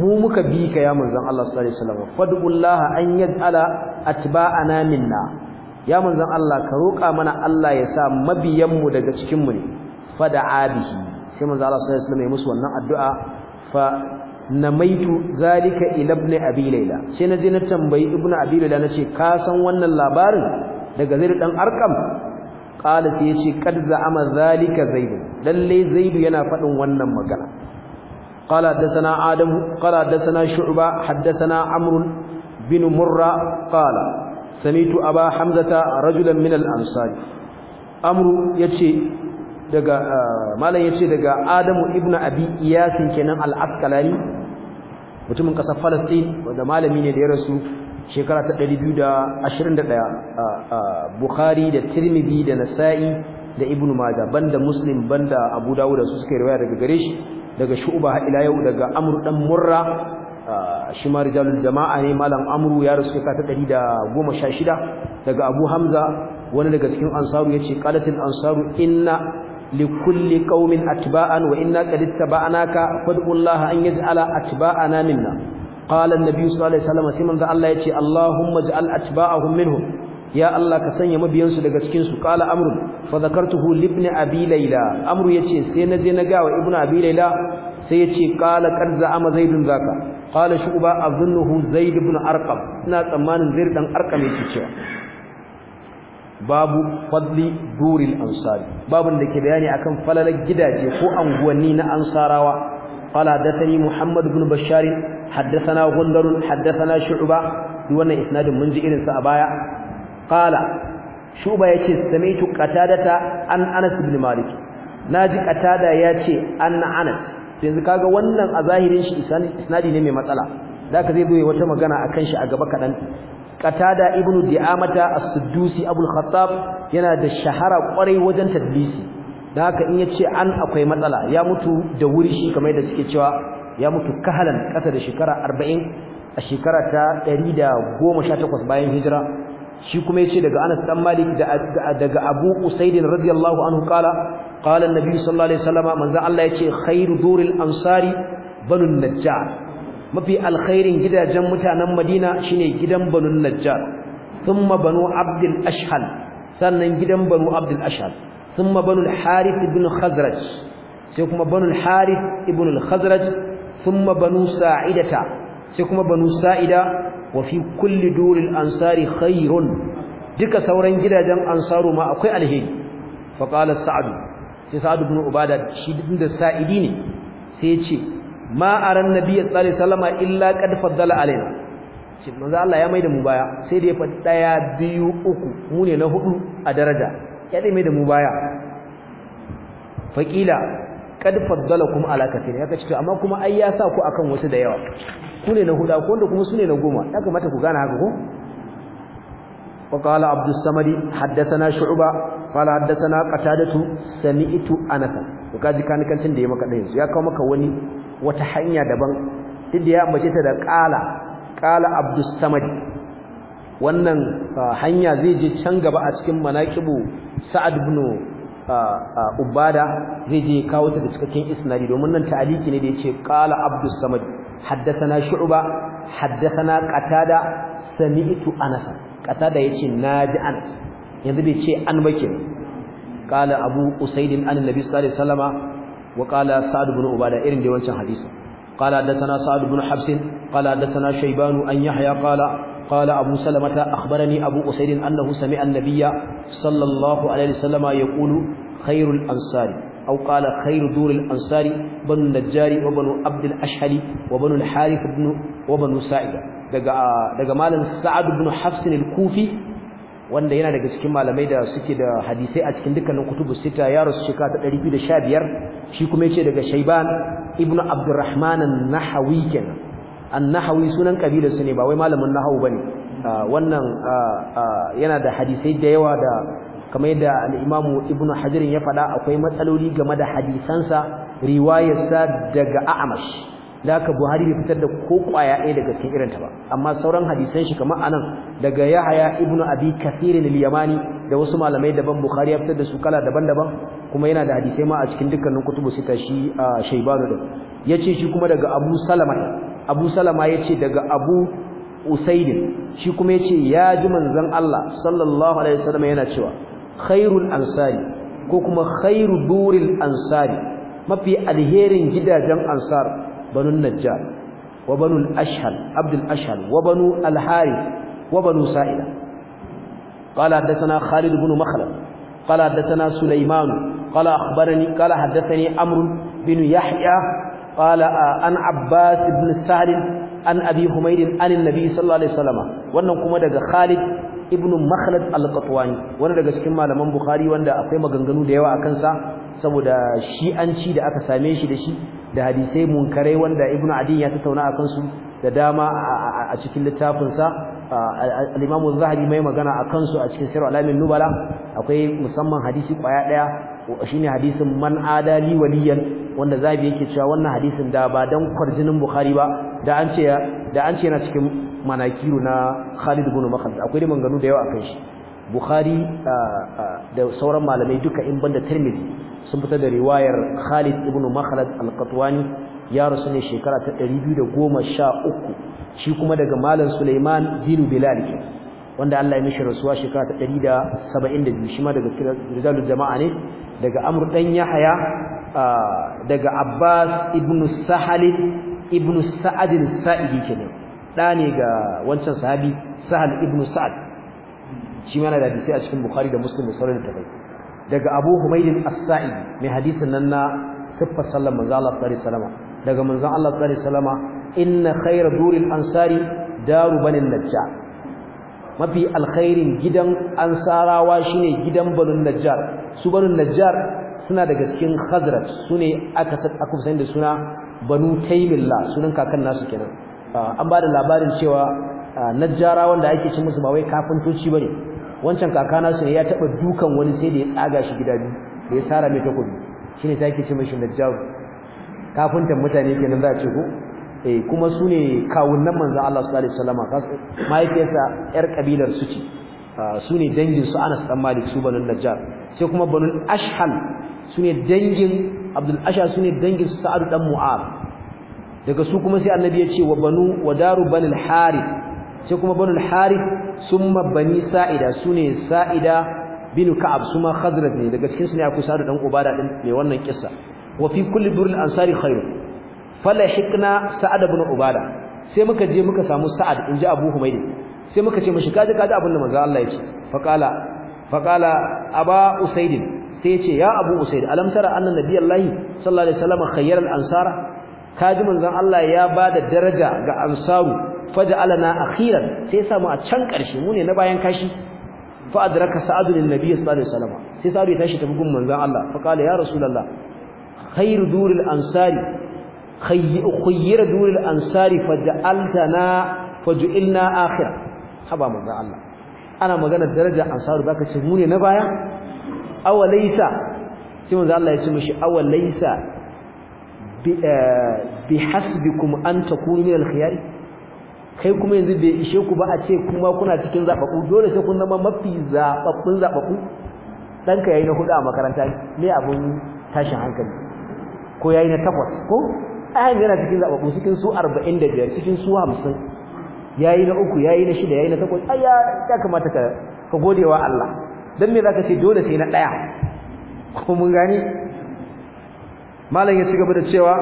[SPEAKER 1] mu muka bi ka ya manzon Allah sallallahu alaihi wasallam fadullah an yaj'ala atba'ana minna ya manzon Allah ka roƙa mana Allah ya sa mabiyanmu daga cikin mu ne fada'a bihi sai manzo Allah sallallahu alaihi musu wannan addu'a fa namaitu zalika ila ibn abi layla sai na tambayi ibn abi layla nace ka san wannan labarin daga zaid dan arqam qala sai yace kad za'ama zalika zaid lalle zaid yana fadin wannan magana qala kala adam qala dasana shu'ba haddathana amr bin murra qala samitu aba hamzata rajulan min al-ansari amru yace daga ah, malam yace daga Adamu Ibnu Abi Iyas kenan al-Asqalani mutumin kasar Palestine wanda malami ne da ya rasu shekara ta 221 Bukhari da Tirmidhi da Nasa'i da Ibn Majah banda Muslim banda Abu Dawud su suka riwaya daga gare shi daga Shu'ba ila yau daga Amr dan Murra shi ma rijalul jama'a ne malam Amru ya rasu shekara ta 116 daga Abu Hamza wani daga cikin ansaru yace qalatil ansaru inna likulli qaumin atba'an wa inna ka, ittaba'naka fad'ullaha an yaj'ala atba'ana minna qala an-nabi sallallahu alaihi wasallam sai manzo Allah yace Allahumma ij'al atba'ahum minhum ya Allah ka sanya mabiyansu daga cikin su qala amru fa zakartuhu li ibn abi layla amru yace sai naje na gawa ibn abi layla sai yace qala qad za'ama zaidun zaka qala shuba azunnuhu zaid ibn arqam ina tsammanin zaid dan arqam yake cewa babu fadli duril ansari babun da ke bayani akan falalar gidaje ko anguwanni na ansarawa qala dathani muhammad ibn bashar haddathana gundar haddathana shu'ba wannan isnadin mun ji irin a baya qala shu'ba yace samitu qatadata an anas ibn malik naji qatada yace an anas yanzu kaga wannan a zahirin shi isnadi ne mai matsala da ka zai wata magana akan shi a gaba kaɗan. qatada ibnu di'amata as-suddusi abul khattab yana da shahara kwarai wajen tadlisi dan haka in yace an akwai matsala ya mutu da wuri shi kamar da suke cewa ya mutu kahalan kasa da shekara 40 a shekara ta 118 bayan hijira shi kuma yace daga Anas dan Malik daga Abu Usaid radiyallahu anhu kala qala an-nabi sallallahu alaihi wasallam manzo Allah yace khairu duril ansari banu najjar mafi alkhairin gidajen mutanen Madina shine gidan Banu Najjar thumma Banu Abdul Ashhal sannan gidan Banu Abdul Ashhal thumma Banu Harith ibn Khazraj sai kuma Banu Harith ibn al-Hazrat, Khazraj thumma Banu Sa'idata sai kuma Banu Sa'ida wa fi kulli duril ansari khairun duka sauran gidajen ansaru ma akwai alheri fa qala Sa'd sai Sa'd ibn Ubada shi din da Sa'idi ne sai ya ce ma aran nabiyyi sallallahu alaihi wasallama illa qad faddala alaina shi manzo Allah ya maida mu baya sai da ya faɗi daya biyu uku mu ne na hudu a daraja ya dai maida mu baya faqila qad faddalakum ala kathir yaka ce amma kuma ai ya sa ku akan wasu da yawa ku ne na huda ko wanda kuma su ne na goma ya kamata ku gane haka ko وقال عبد الصمد حدثنا شعبة قال حدثنا قتادة سمعت أنس وكذا كان كان تندي maka da yanzu ya kawo maka wani wata hanya daban inda ya ambace ta da qala kala abdus samad wannan hanya zai je can gaba a cikin manaqibu sa'ad ibn ubada zai je kawo ta da cikakken isnadi domin nan ta'aliki ne da yace qala abdus samad haddathana shu'ba haddathana qatada sami'tu anas qatada yace naji an, yanzu bai ce an bake qala abu usaid an annabi sallallahu alaihi wasallama وقال سعد بن عبادة إرن دي وانشان حديث قال حدثنا سعد بن حبس قال حدثنا شيبان أن يحيى قال قال أبو سلمة أخبرني أبو أسيد أنه سمع النبي صلى الله عليه وسلم يقول خير الأنصار أو قال خير دور الأنصار بن النجار وبن عبد الأشهل وبن الحارث بن وبن سعيد daga daga malam Sa'ad ibn Hafs al-Kufi wanda yana daga cikin malamai da suke da hadisai a cikin dukkanin kutubu sita ya rasu shekara ta 215 shi kuma yace daga Shaiban, ibnu Abdurrahman an-Nahawi kenan an-Nahawi sunan kabilar su ne ba wai malamin nahawu bane wannan yana da hadisai da yawa da kamar yadda al-Imam Ibn Hajar ya faɗa akwai matsaloli game da hadisansa riwayarsa daga A'mash da haka Buhari bai fitar da ko kwaya ɗaya daga cikin irin ta ba amma sauran hadisan shi kamar anan daga Yahaya ibnu Abi Kathir al-Yamani da wasu malamai daban Bukhari ya fitar da su kala daban-daban kuma yana da hadisai ma a cikin dukkanin kutubu sita shi a Shaybanu da yace shi kuma daga Abu Salama Abu Salama yace daga Abu Usaid shi kuma yace ya ji manzon Allah sallallahu alaihi wasallam yana cewa khairul ansari ko kuma khairu duril ansari mafi alherin gidajen ansar banu najjar wa banu al-ashhal abd al-ashhal wa banu al-harith wa khalid ibn makhlad qala hadathana sulaiman qala akhbarani qala hadathani amr bin yahya an abbas ibn sa'd an abi humayd an an sallallahu alaihi wasallam wannan kuma daga khalid ibn makhlad al-qatwani daga cikin malaman bukhari wanda akwai maganganu da yawa akan sa saboda shi'anci da aka same shi da shi da hadisai munkarai wanda ibnu adi ya tattauna akan su da dama a cikin littafin sa al-imam az-zahabi mai magana akan su a cikin sirr alamin nubala akwai musamman hadisi kwaya daya shine hadisin man adali waliyan wanda zabi yake cewa wannan hadisin da ba dan kwarjinin bukhari ba da an ce da an ce yana cikin manakiru na Khalid ibn Makhlad akwai da manganu da yawa akan shi bukhari da sauran malamai duka in banda tirmidhi sun fita da riwayar Khalid ibn Makhlad al-Qatwani ya rasu ne shekara ta 213 shi kuma daga malam Sulaiman bin Bilal wanda Allah ya mishi rasuwa shekara ta 172 shi ma daga rijalul jama'a ne daga Amr dan Yahya daga Abbas ibn Sahal ibn Sa'ad al-Sa'idi kenan da ne ga wancan sahabi Sahal ibn Sa'ad shi ma na da hadisi a cikin Bukhari da Muslim da sauran tafai daga Abu Humaydin As-Sa'idi mai hadisin nan na siffar sallar manzo Allah sallallahu alaihi wasallam daga manzo Allah sallallahu alaihi wasallam inna khayra duril ansari daru banin najjar mafi alkhairin gidan ansarawa shine gidan banun Najar, su banin najjar suna daga cikin khazraj sune aka aka san da suna banu taymillah sunan kakan nasu kenan ah, an ba da labarin cewa ah, najjara wanda ake ci musu ba wai kafintoci bane wancan kakana su ne ya taba dukan wani sai da ya tsaga shi gida biyu da ya sara mai takobi shine ta yake ce mishi kafin ta mutane kenan za a ce ko eh kuma su ne nan manzon Allah sallallahu alaihi wasallam mahaifiyarsa yar kabilar su ce ah, su ne dangin su Anas dan Malik su banul najjar sai kuma banul ashhal su ne dangin Abdul Asha su ne dangin Sa'ad dan Mu'ab daga su kuma sai annabi ya ce wa banu wa daru banil harith sai kuma banu al-harith summa bani sa'ida sune sa'ida bin ka'ab suma khazraj ne daga cikin su ne akwai sa'id dan ubada din mai wannan kissa wa fi kulli burul ansari khairu falahikna sa'ad ibn ubada sai muka je muka samu sa'ad inji abu humaydi sai muka ce mishi kaje kaje abin da manzo Allah ya ce faqala faqala aba Usaidin sai ya ce ya abu usaid alam tara anna nabiyallahi sallallahu alaihi wasallam khayyara al-ansara kaji manzon Allah ya bada daraja ga ansaru faj'alana akhiran sai samu a can ƙarshe mu ne na bayan kashi fa adraka sa'ad lin nabiy sallallahu alaihi wasallam sai sa'ad ya tashi tafi gun manzon Allah fa qala ya rasulullah khairu duril ansari khayr duril ansari faj'altana faj'ilna akhiran haba manzon Allah ana magana daraja ansaru baka ce mu ne na baya awalaysa sai manzon Allah ya ce mishi awalaysa bi eh, an takunu min alkhiyar kai kuma yanzu bai ishe ku ba a ce kuma kuna cikin zababbu dole sai kun zama mafi zababbun zababbu ka yayi na hudu a makaranta ne abun tashin hankali ko yayi na takwas ko ayan yana cikin zababbu cikin su 45 cikin su 50 yayi na uku yayi na shida yayi na takwas ai ya kamata ka ka godewa Allah dan me zaka ce dole sai na daya ko mun gani malam ya ci gaba da cewa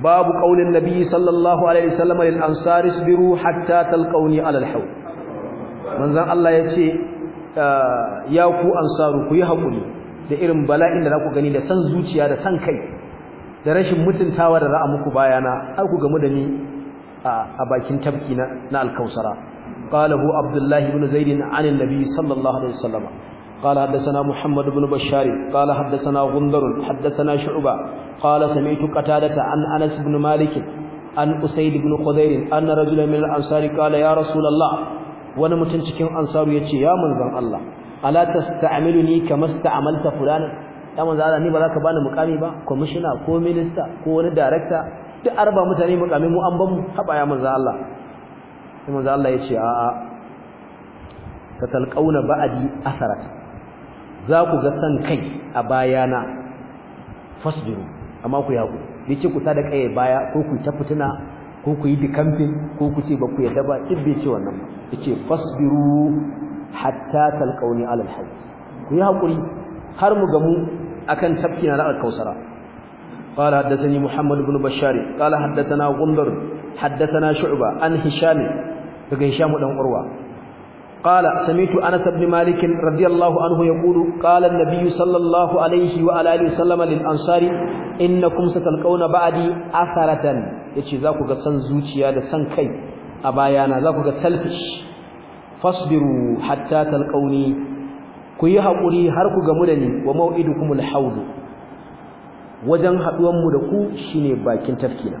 [SPEAKER 1] babu ƙaunin nabi sallallahu alaihi wasallam lil ansari isbiru hatta talqauni ala al-hawl manzon Allah ya ce ah, ya ku ansaru ku yi hakuri da irin bala'in da ku gani da san zuciya da san kai da rashin mutuntawa da ra'a muku bayana har ku gamu da ni a bakin tabki na alkausara. al qalahu abdullahi ibn zaid an nabi sallallahu alaihi wasallam قال حدثنا محمد بن بشار قال حدثنا غندر حدثنا شعبه قال سمعت قتاده عن انس بن مالك عن اسيد بن خدير ان رجلا من الانصار قال يا رسول الله وانا متن cikin ansaru yace ya manzon Allah ala tastamiluni kama stamalta fulan ya manzon Allah ni ba zaka bani mukami ba commissioner ko minister ko wani director duk arba mutane mukami mu an ban haba ya manzon Allah manzon Allah yace a'a tatalqauna ba'di asarat za ku ga san kai a bayana fasbiru amma ku yaku bai ce ku tada kai baya ko ku ta fitina ko ku yi dikamfin ko ku ce ba ku yarda ba duk bai ce wannan ba yace fasbiru hatta talqauni ala alhayy ku yi hakuri har mu gamu akan tafki na ra'al kausara قال حدثني محمد بن بشار قال حدثنا غندر حدثنا شعبة عن هشام daga Hisham dan Urwa قال سمعت أنس بن مالك رضي الله عنه يقول قال النبي صلى الله عليه وعلى آله وسلم للأنصار إنكم ستلقون بعدي أثرة يتشي ذاكو قصن زوتيا لسن كي أبايانا ذاكو قتلفش فاصبروا حتى تلقوني كي هقولي هركو قمدني وموئدكم الحوض وجن حقوام مدكو شيني باكين تفكينا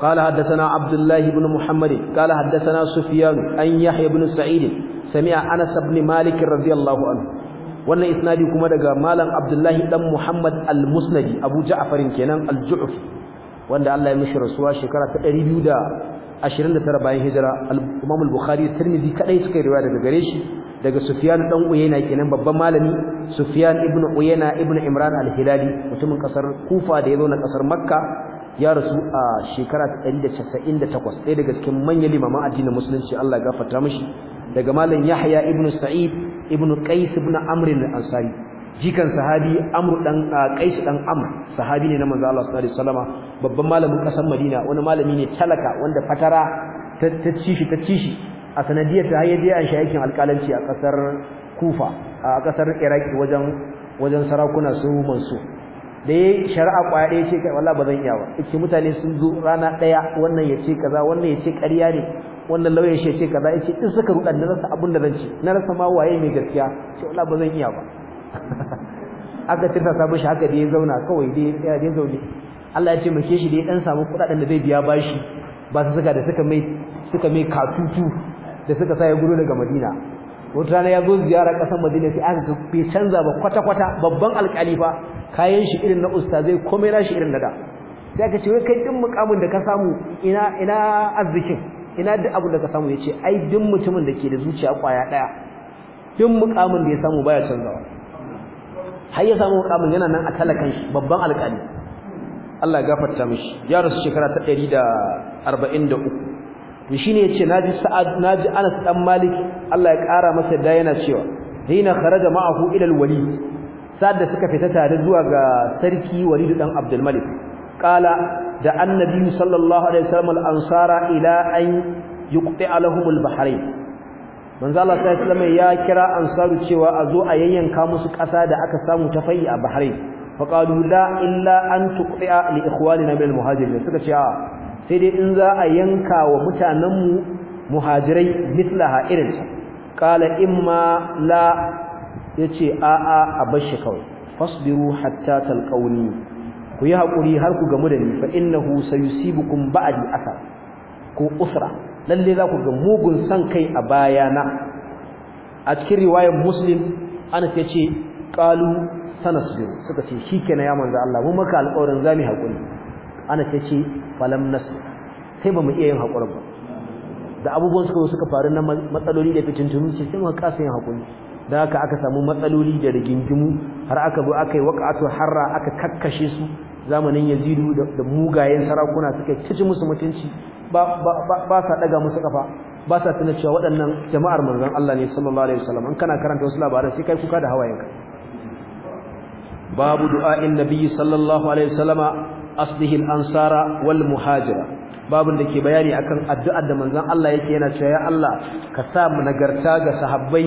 [SPEAKER 1] قال حدثنا عبد الله بن محمد قال حدثنا سفيان عن يحيى بن سعيد سمع انس بن مالك رضي الله عنه wannan isnadi kuma daga malam Abdullahi dan Muhammad al-Musnadi Abu Ja'far kenan al-Ju'fi wanda Allah ya mishi rasuwa shekara ta 229 bayan hijira al-Imam al-Bukhari Tirmidhi kadai suka riwaya daga gare shi daga Sufyan dan Uyayna kenan babban malami Sufyan ibn Uyayna ibn Imran al-Hilali mutumin kasar Kufa da ya zo na kasar Makka ya rasu a shekara ta 198 ɗaya daga cikin manyan limaman addinin musulunci Allah ya gafarta mashi, daga malam Yahya ibn Sa'id ibn Qais ibn Amr al-Ansari jikan sahabi Amr ɗan Qais ɗan Amr sahabi ne na manzo Allah sallallahu alaihi babban malamin kasar Madina wani malami ne talaka wanda fatara ta ci shi ta ci a sanadiyar ta hayyaje an shi aikin alƙalanci a kasar Kufa a kasar Iraki wajen wajen sarakuna su Mansur da yi shari'a kwaya da ce wala ba zan iya ba yace mutane sun zo rana ɗaya wannan ya ce kaza wannan ya ce ƙarya ne wannan lauyan shi ya ce kaza ce in suka ruɗa na rasa abin da zan ci na rasa ma waye mai gaskiya ce wala ba zan iya ba [laughs] aka tirsa sa mishi haka da ya zauna kawai da ya da zaune Allah ya ce mace shi da ya ɗan samu kuɗaɗen da zai biya bashi ba su suka da suka mai suka mai katutu da suka sa ya gudu daga Madina wata rana ya zo ziyara ƙasar Madina sai aka bai canza ba kwata kwata babban alƙalifa kayan shi irin na zai komai na shi irin na da sai ka ce wai kai din mukamin da ka samu ina ina arzikin ina duk abin da ka samu yace ai din mutumin da ke da zuciya kwaya daya din mukamin da ya samu baya canzawa har ya samu mukamin yana nan a talakan babban alƙali Allah ya gafarta mishi ya rasu shekara ta 143 to shine yace naji sa'ad naji Anas dan Malik Allah ya kara masa da yana cewa hina kharaja ma'ahu ila al-walid sa'ad da suka fita tare zuwa ga sarki Walid dan Abdul Malik qala da annabi sallallahu alaihi wasallam al-ansara ila an yuqti lahum al-bahrain manzo Allah sallallahu alaihi wasallam ya kira ansaru cewa a zo a yayyanka musu ƙasa da aka samu ta fayi a bahrain faqalu la illa an tuqti li ikhwanina min al-muhajirin suka ce a sai dai in za a yanka wa mutanen mu muhajirai mithlaha irin qala imma la yace a a a bashi kawai fasbiru hatta talqauni ku yi hakuri har ku gamu da ni fa innahu sayusibukum ba'di athar ko usra lalle za ku ga mugun san kai a bayana a cikin riwayar muslim ta ce qalu sanasbiru suka ce shikenan ya manzo Allah mu maka alƙawarin zamu hakuri ta ce falam nas sai ba mu iya yin hakuri ba da abubuwan suka suka faru na matsaloli da fitintunu sai mu kasa yin hakuri da haka aka samu matsaloli da rigingimu har aka zo aka yi waƙatu harra aka kakkashe su zamanin yazidu da mugayen sarakuna suka kici musu mutunci ba sa daga musu kafa ba sa tuna cewa waɗannan jama'ar manzon Allah ne sallallahu alaihi wasallam an kana karanta wasu labaran sai kai kuka da hawayenka babu du'a'in nabiyyi sallallahu alaihi wasallama aslihi ansara wal muhajira babun da ke bayani akan addu'ar da manzon Allah yake yana cewa ya Allah ka sa mu nagarta ga sahabbai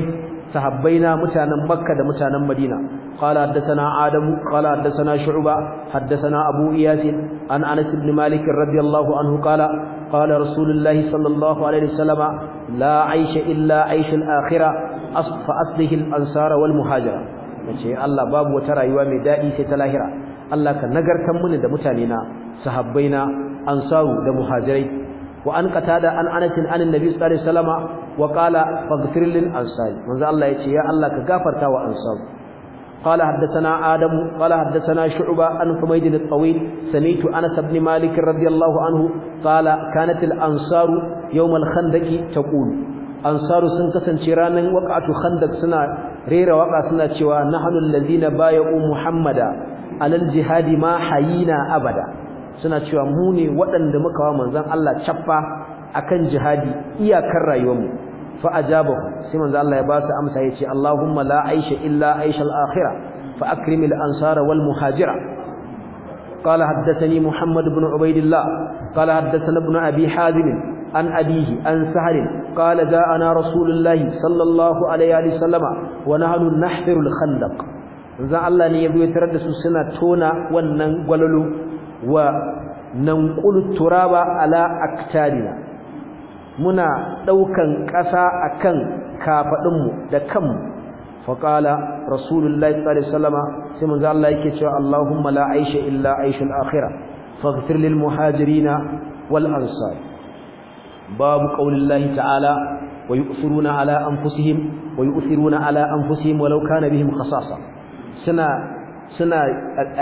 [SPEAKER 1] Sahabbai na mutanen makka da mutanen madina qala haddathana adamu qala haddathana Haddasa na abu iyas an anas ibn malik radiyallahu anhu qala qala rasulullahi sallallahu alaihi wasallama la aisha illa aisha al-akhirah asfa aslihi al-ansara wal muhajira mace Allah babu wata rayuwa mai daɗi sai ta lahira Allah ka nagartan mini da mutanena sahabbai na ansaru da muhajirai وأن قتادة أن أنس عن النبي صلى الله عليه وسلم وقال فاغفر للأنصار من الله يتي يا الله كغفر تاوى أنصار قال حدثنا آدم قال حدثنا شعبة عن حميد الطويل سمعت أنس بن مالك رضي الله عنه قال كانت الأنصار يوم الخندق تقول أنصار سنكسن شيران وقعت خندق سنة رير وقع سنة شوى نحن الذين بايعوا محمدا على الجهاد ما حيينا أبدا suna cewa mu ne waɗanda muka wa manzon Allah caffa akan jihadi iyakar rayuwarmu fa ajabahu sai manzon Allah ya ba su amsa yace Allahumma la aisha illa aisha al-akhirah fa akrim al wal muhajira قال حدثني muhammad بن عبيد الله قال abi ابن أبي حازم عن أبيه عن سهل قال جاءنا sallallahu الله wa sallam, عليه وسلم ونحن نحفر الخندق zan Allah ne ya zo ya tarar da su suna tona wannan gwalalu. wa nanqulu turaba ala aktarina muna daukan ƙasa akan kafadin mu da kanmu faqala rasulullahi sallallahu alaihi wasallama sai manzo Allah yake cewa Allahumma la aisha illa aishul akhirah faghfir lil muhajirina wal ansar babu qaulillahi ta'ala wa yu'thiruna ala anfusihim wa yu'thiruna ala anfusihim walau kana bihim khasasa suna suna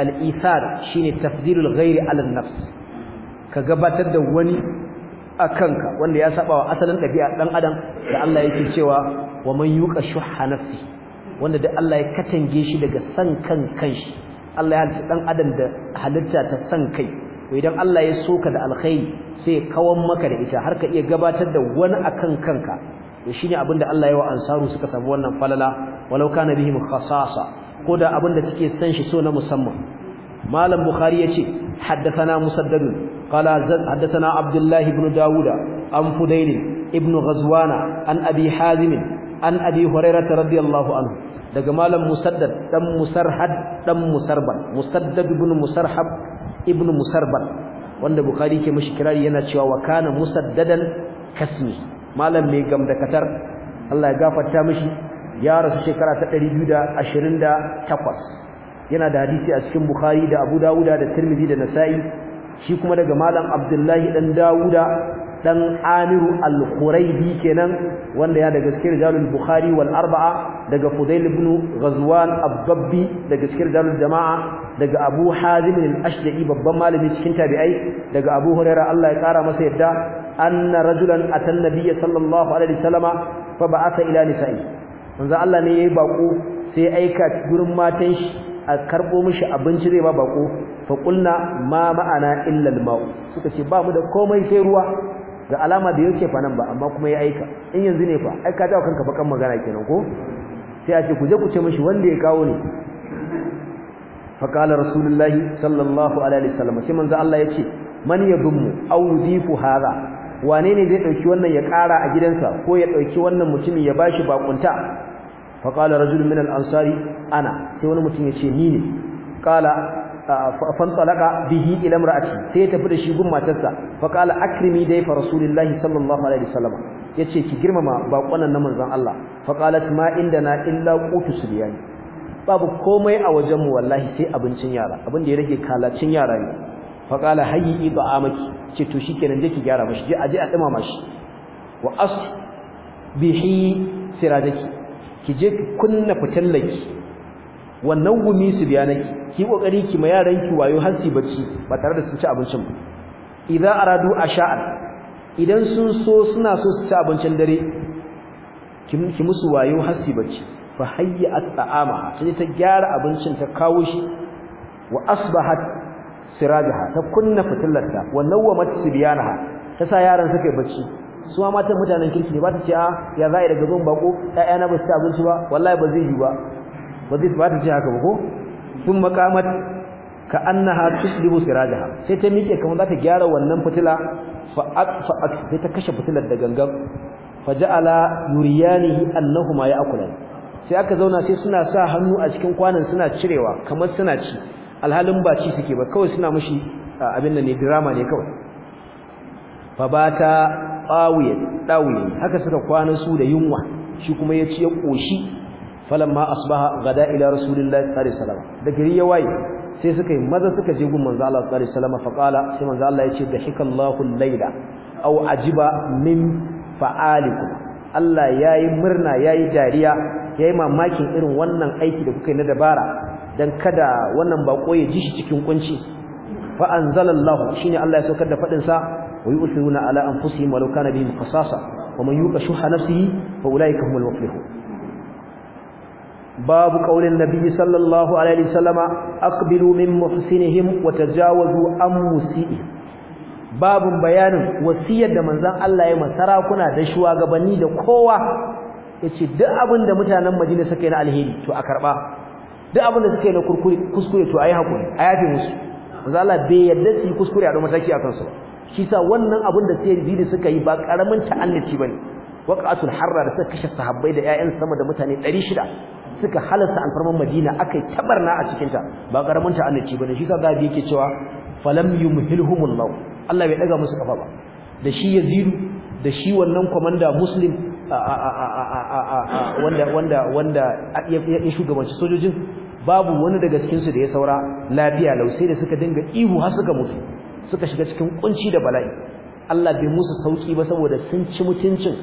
[SPEAKER 1] alisar shine tafdilul gairi ala nafs ka gabatar da wani kanka, wanda ya saba wa asalin ɗabi'a ɗan adam da Allah yake cewa wa man yuqa shuhha nafsi wanda da Allah ya katange shi daga san kan kanshi Allah ya halitta ɗan adam da halitta ta san kai idan Allah ya soka da alkhairi sai ya kawan maka da ita har ka iya gabatar da wani akan kanka to shine abinda Allah ya wa ansaru suka samu wannan falala walau kana bihim khasasa ko da abin da suke san shi so na musamman malam bukhari yace haddathana musaddad qala haddathana Abdullahi ibn Dawuda, an fudail ibn ghazwana an abi hazim an abi hurairah radiyallahu anhu daga malam musaddad dan musarhad dan musarban musaddad ibn musarhab ibn Musarbar, wanda bukhari ke mishi kirari yana cewa wa kana musaddadan kasmi malam mai gamdakatar Allah ya gafarta mishi ya rasu shekara ta 228 yana da hadisi a cikin bukhari da abu dawuda da tirmidhi da nasa'i shi kuma daga malam abdullahi dan dawuda dan amiru al-quraibi kenan wanda ya daga cikin rijalul bukhari wal arba'a daga fudail ibn ghazwan ad daga cikin rijalul jama'a daga abu hazim al-ashda'i babban malami cikin tabi'ai daga abu huraira Allah ya kara masa yadda anna rajulan atan nabiyya sallallahu alaihi wasallama fa ba'atha ila nisa'i manzo Allah ne yayi bako sai aika gurin matan shi a karbo mishi abinci zai ba bako fa qulna ma ma'ana illa mau suka ce ba mu da komai sai ruwa ga alama da yake fa nan ba amma kuma ya aika in yanzu ne fa aika ta kanka bakan magana kenan ko sai a ce ku je ku ce mishi wanda ya kawo ne fa qala rasulullahi sallallahu alaihi wasallam shi manzo Allah ya ce man yadhummu aw yudifu hadha wane ne zai dauki wannan ya kara a gidansa ko ya dauki wannan mutumin ya bashi bakunta fa qala rajulun ansari ana sai wani mutum yace ni ne qala fantalaqa bihi ila imra'ati sai ya tafi da shi gun matarsa fa qala akrimi dai fa rasulullahi sallallahu alaihi wasallam yace ki girmama bakonan na manzon Allah fa qalat ma indana illa qutu subyani babu komai a wajen mu wallahi sai abincin yara abin da ya rage kalacin yara ne fa qala hayyi ba'amaki ce to shikenan je ki gyara mashi je a dima mashi wa as bihi sirajaki ki je ki kunna fitallaki wannan gumi su biya naki ki kokari ki ma yaran ki wayo har su bacci ba tare da sun ci abincin ba idan aradu asha'a idan sun so suna so su ci abincin dare ki musu wayo har su bacci fa hayya at'ama sai ta gyara abincin ta kawo shi wa asbahat sirajaha ta kunna fitillarta wa nawwamat sibyanaha ta sa yaran suka yi bacci su ma matan mutanen kirki ne ba ta ce a ah, ya za a yi daga zuwan bako ƴaƴana ba su ta abinci ba wallahi ba zai yi ba ba zai ba ta ce haka ba ko sun makamat ka annaha tuslihu sirajaha sai ta miƙe kama za ta gyara wannan fitila sai ta kashe fitilar da gangan fa ja'ala yuriyanihi annahuma akulai sai aka zauna sai suna sa hannu a cikin kwanan suna cirewa kamar suna ci alhalin ba ci suke ba kawai suna mushi abin nan ne drama ne kawai fa ta. tawiye tawiye haka suka kwana su da yunwa shi kuma ya ci ya koshi falamma asbaha gada ila rasulillahi sallallahu alaihi wasallam da gari ya waye sai suka yi maza suka je gun manzo Allah sallallahu alaihi wasallam fa sai manzo Allah ya ce da hikallahu layla aw ajiba min fa'alikum Allah yayi murna yayi dariya yayi mamakin irin wannan aiki da kuka yi na dabara dan kada wannan bako ya ji shi cikin kunci fa anzalallahu shine Allah ya saukar da fadin sa wa yusiruna ala anfusihim walau kana bihim khasasa wa man yuqa shuha nafsihi fa ulaika humul muflihun babu qaulin nabiy sallallahu alaihi wasallama aqbilu min wa tajawazu an musiihim babun bayanin wasiyar da manzon Allah ya masarakuna da shugabanni da kowa yace duk abin mutanen Madina suka na alheri da suka yi na kuskure to ayi hakuri a yafe musu manzo bai yarda su yi kuskure a don mataki akan shi sa wannan abin da da suka yi ba karamin ta'allaci bane waƙatun harra da suka kashe sahabbai da ƴaƴan sama da mutane 600 suka halasta alfarman madina aka akai tabarna a cikin ta ba karamin ta'allaci bane shi sa gabi yake cewa falam yumhilhumullahu Allah bai daga musu kafa ba da shi yazidu da shi wannan komanda muslim wanda wanda wanda ya shugabanci sojojin babu wani daga cikin su da ya saura lafiya Lausai da suka dinga ihu har suka mutu suka shiga cikin kunci da bala'i Allah bai musu sauki ba saboda sun ci mutuncin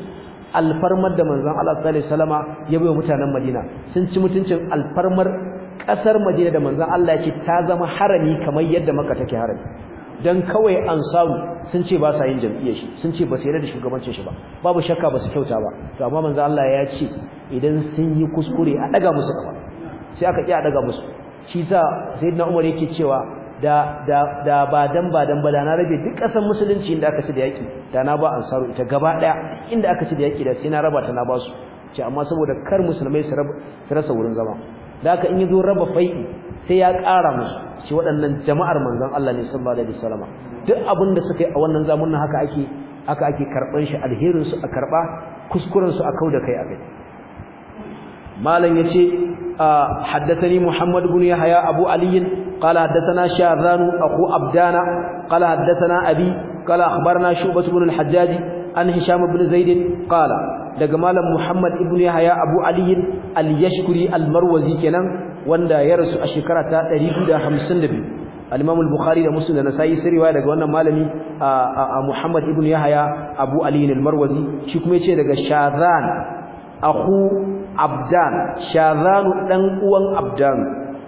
[SPEAKER 1] alfarmar da manzon Allah sallallahu alaihi wasallama ya bai mutanen Madina sun ci mutuncin alfarmar kasar Madina da manzon Allah yake ta zama harami kamar yadda Makka take harami dan kawai ansaru sun ce ba sa yin jam'iyyar shi sun ce ba su yarda da shugabancin shi ba babu shakka ba su kyauta ba to amma manzon Allah ya ce idan sun yi kuskure a daga musu kafa sai aka a daga musu shi sa sayyidina Umar yake cewa da da da ba dan ba dan ba da na rabe duk kasan musulunci inda aka ci da yaki da na ba ansaru ita gaba daya inda aka ci da yaki da sai na raba ta na ba su ce amma saboda kar musulmai su rasa wurin zama da haka in zo raba fai'i sai ya kara musu shi waɗannan jama'ar manzon Allah ne sallallahu alaihi wasallam duk abin da suka yi a wannan zamanin haka ake haka ake karban shi alherin su a karba kuskuren su a kauda kai a kai malam yace haddathani muhammad ibn yahya abu ali qala haddathana shazan aku abdana qala haddathana abi qala akhbarna shubah ibn al-hajjaj an hisham ibn zaid qala daga malam muhammad ibn yahya abu ali al-yashkuri al-marwazi kenan wanda ya rasu a shekara ta 252 al da Muslim da Nasa'i sai riwaya daga wannan malami a Muhammad ibn Yahya Abu Ali al shi kuma yace daga Shadhan akhu abdan shazanu dan uwan abdan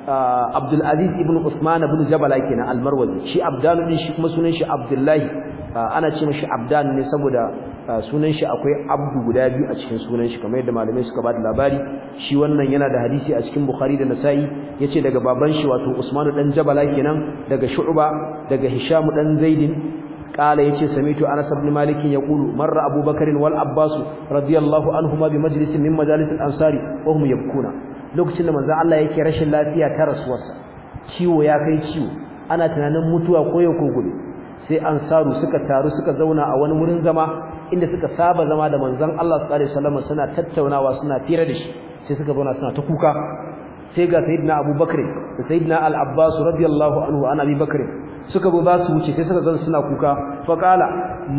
[SPEAKER 1] uh, abdul aziz ibn usman ibn jabala kenan almarwazi shi abdan din shi kuma sunan shi abdullahi uh, ana ce mishi abdan ne saboda uh, sunan shi akwai abdu guda biyu a cikin sunan shi kamar yadda malamai suka ba da labari shi wannan yana da hadisi a cikin bukhari da nasa'i yace daga baban shi wato usman dan jabala kenan daga shu'ba daga hisham dan zaidin قال يتي سميت أنس بن مالك يقول مر أبو بكر والعباس رضي الله عنهما بمجلس من مجالس الأنصار وهم يبكون lokacin da manzo Allah yake rashin lafiya ta rasuwarsa ciwo ya kai ciwo ana tunanin mutuwa ko yau ko gobe sai ansaru suka taru suka zauna a wani wurin zama inda suka saba zama da manzon Allah sallallahu alaihi wasallam suna tattaunawa suna fira da shi sai suka zauna suna ta kuka sai ga sayyidina Abubakar da sayyidina Al-Abbas radiyallahu anhu an Abi Bakr suka bo basu su wuce sai suka gan suna kuka fa qala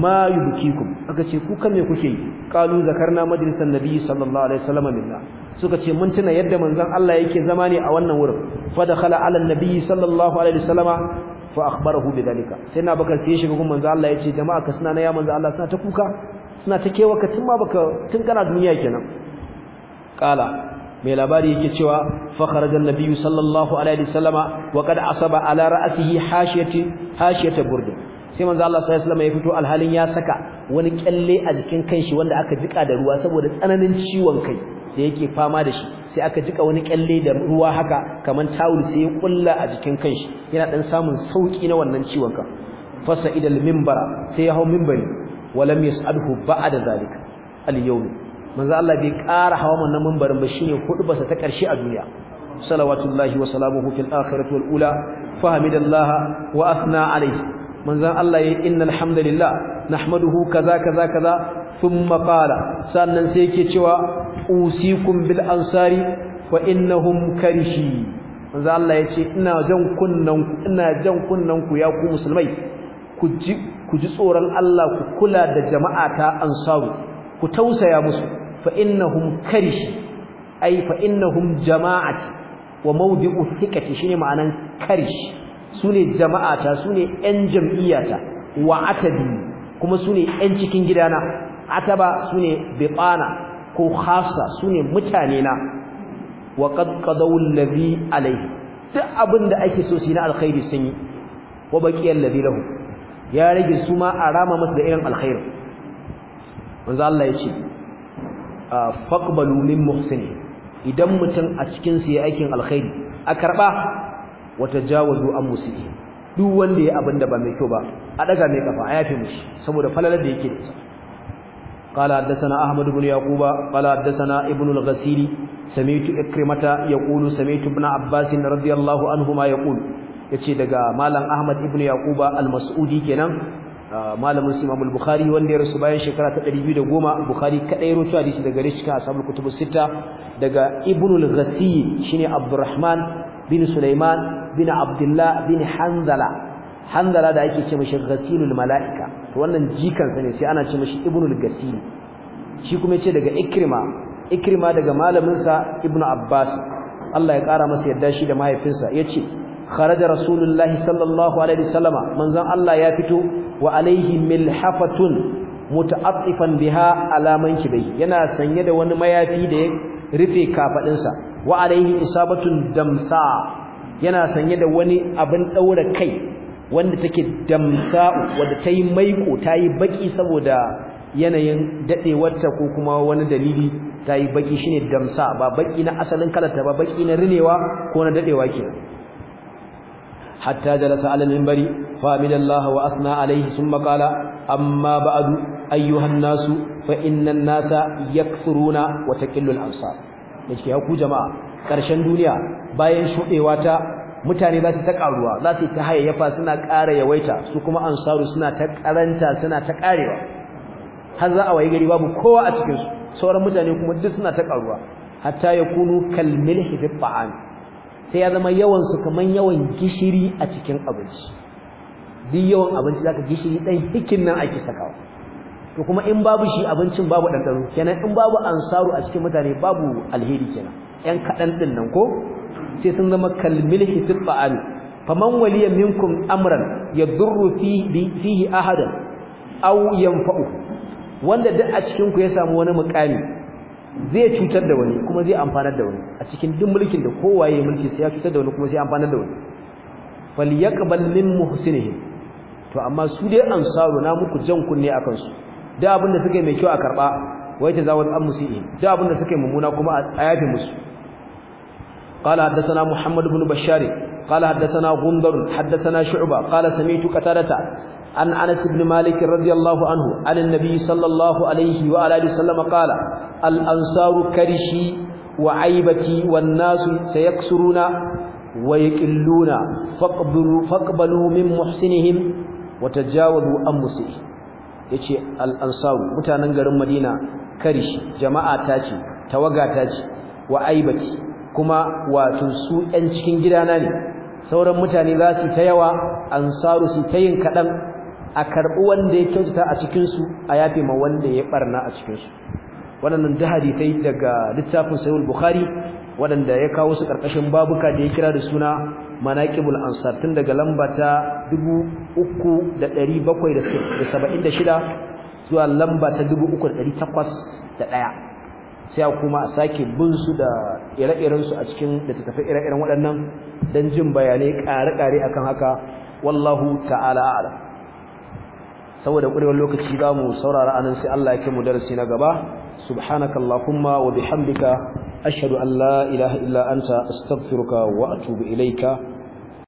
[SPEAKER 1] ma yubkikum aka ce kuka me kuke yi qalu zakarna majlisan nabi sallallahu alaihi wasallam minna suka ce mun tuna yadda manzon Allah yake zama ne a wannan wurin fa dakhala ala nabi sallallahu alaihi wasallama fa akhbarahu bidalika sai na bakar sai shiga gun manzon Allah yace jama'a ka suna na ya manzon Allah suna ta kuka suna ta kewa ka tun ma baka tun kana duniya kenan qala mai labari yake cewa fa kharaja annabiyyu sallallahu alaihi wasallama wa qad asaba ala ra'sihi hashiyati hashiyata burd sai manzo Allah sallallahu alaihi wasallama ya fito alhalin ya saka wani kyalle a jikin kanshi wanda aka jika da ruwa saboda tsananin ciwon kai da yake fama da shi sai aka jika wani kyalle da ruwa haka kaman tawul sai ya kulla a jikin kanshi yana dan samun sauki na wannan ciwon ka fasa idal minbara sai ya hau minbari walam yas'alhu ba'da zalika al-yawm manzo Allah bai ƙara hawa wannan mambarin ba shine hudubarsa ta ƙarshe a duniya salawatullahi wa salamuhu fil akhirati wal ula fahamidallaha wa athna alayhi manzo Allah ya innal hamdalillah nahmaduhu kaza kaza kaza thumma qala sannan sai yake cewa usikum bil ansari wa innahum karishi manzo Allah yace ina jan kunnan ku ina jan kunnan ku ya ku musulmai ku ji ku ji tsoron Allah ku kula da jama'a jama'ata ansaru ku tausaya musu fa innahum karish ai fa innahum jama'ati wa mawdi'u thiqati shine ma'anan karish sune jama'ata sune yan jam'iyyata wa'atabi atabi kuma sune yan cikin gidana ataba sune biqana ko khassa sune mutane na wa qad qadawu allazi alayhi abinda ake so su na alkhairi sun yi wa baqiyal ladhi ya rage su ma arama masa da irin alkhairi manzo ce faqbalu min muhsin idan mutum a cikin su yayi aikin alkhairi a karba wa tajawazu an musii duk wanda ya abinda ba mai kyau ba a daga mai kafa a yafe mushi saboda falalar da yake da ita قال حدثنا احمد بن يعقوب قال حدثنا ابن الغسيل سمعت اكرمه يقول سمعت ابن عباس رضي الله عنهما يقول yace daga malam ahmad ibn yaquba Almas'udi kenan Ah, malamin su Imam al-Bukhari wanda ya rasu bayan shekara ta 210 Bukhari kadai rawaito hadisi daga rishka ashabul kutubus sita daga Ibn al-Ghathib shine Abdurrahman bin Sulaiman bin Abdullah bin Hanzala Hanzala da ake ce mishi Ghasilul Malaika to wannan jikan sa ne sai ana ce mishi Ibn al-Ghathib shi kuma yace daga Ikrima Ikrima daga malamin sa Ibn Abbas Allah ya kara masa yadda shi da mahaifinsa yace kharaja rasulullahi sallallahu alaihi wasallama manzon Allah ya fito wa alaihi milhafatun muta'attifan biha alaman kibai yana sanye da wani mayafi da ya rufe kafadinsa wa alaihi isabatun damsa yana sanye da wani abin daura kai wanda take damsa wanda tayi maiko tayi baki saboda yanayin dadewarta ko kuma wani dalili tayi baki shine damsa ba baki na asalin kalarta ba baki na rinewa ko na dadewa kenan hatta jalasa alal minbari فأمد الله وأثنى عليه ثم قال أما بعد أيها الناس فإن الناس يكثرون وتكل الأنصار yake ya ku jama'a ƙarshen duniya bayan shudewa ta mutane ba su ta karuwa za su ta yafa suna ƙara yawaita su kuma ansaru suna ta karanta suna ta karewa har za a waye gari babu kowa a cikin su sauran mutane kuma duk suna ta karuwa hatta yakunu kal milhi fi ta'am sai ya zama yawan su kaman yawan gishiri a cikin abinci duk yawan abinci zaka gishiri dan hikin nan ake sakawa to kuma in babu shi abincin babu ɗanɗano kenan in babu ansaru a cikin mutane babu alheri kenan yan kaɗan ɗin nan ko sai sun zama kalmil fi fa'al faman waliya minkum amran yadurru fi fihi ahadan aw yanfa'u wanda duk a cikin ku ya samu wani mukami zai cutar da wani kuma zai amfanar da wani a cikin duk mulkin da kowaye mulki sai ya cutar da wani kuma zai amfanar da wani falyaqbal min muhsinihi to amma su dai ansaru na muku jan kunne akan su da abin da suke mai kyau a karba wai ta zawo dan musii da abin da suke mumuna kuma a yafe musu qala hadathana muhammad ibn bashar qala hadathana gundar hadathana shu'ba qala samitu qatadata an anas ibn malik radiyallahu anhu an annabi sallallahu alayhi wa alihi sallam qala al ansaru karishi wa aibati wan nasu sayaksuruna wa yaqilluna faqbalu faqbalu min muhsinihim wata jawalu an yace al-ansaru mutanen garin Madina karish jama'a ta ce tawaga ta ce wa aibati kuma wato su 'yan cikin gidana ne sauran mutane za su ta yawa ansaru su ta yin kaɗan a karɓi wanda ya kyautata a cikinsu a yafe ma wanda ya ɓarna a cikinsu waɗannan da daga littafin sayul bukhari waɗanda ya kawo su ƙarƙashin babuka da ya kira da suna manaqibul ansar tun daga lamba ta 3776 zuwa lamba ta 3801 sai kuma a sake bin su da ire-iren su a cikin da ta tafi ire-iren waɗannan dan jin bayanai ƙare-ƙare akan haka wallahu ta'ala a'lam saboda ƙuriwar lokaci ba mu saurara anan sai Allah ya kai mu darasi na gaba subhanakallahumma wa bihamdika ashhadu allah la ilaha illa anta astaghfiruka wa atubu ilayka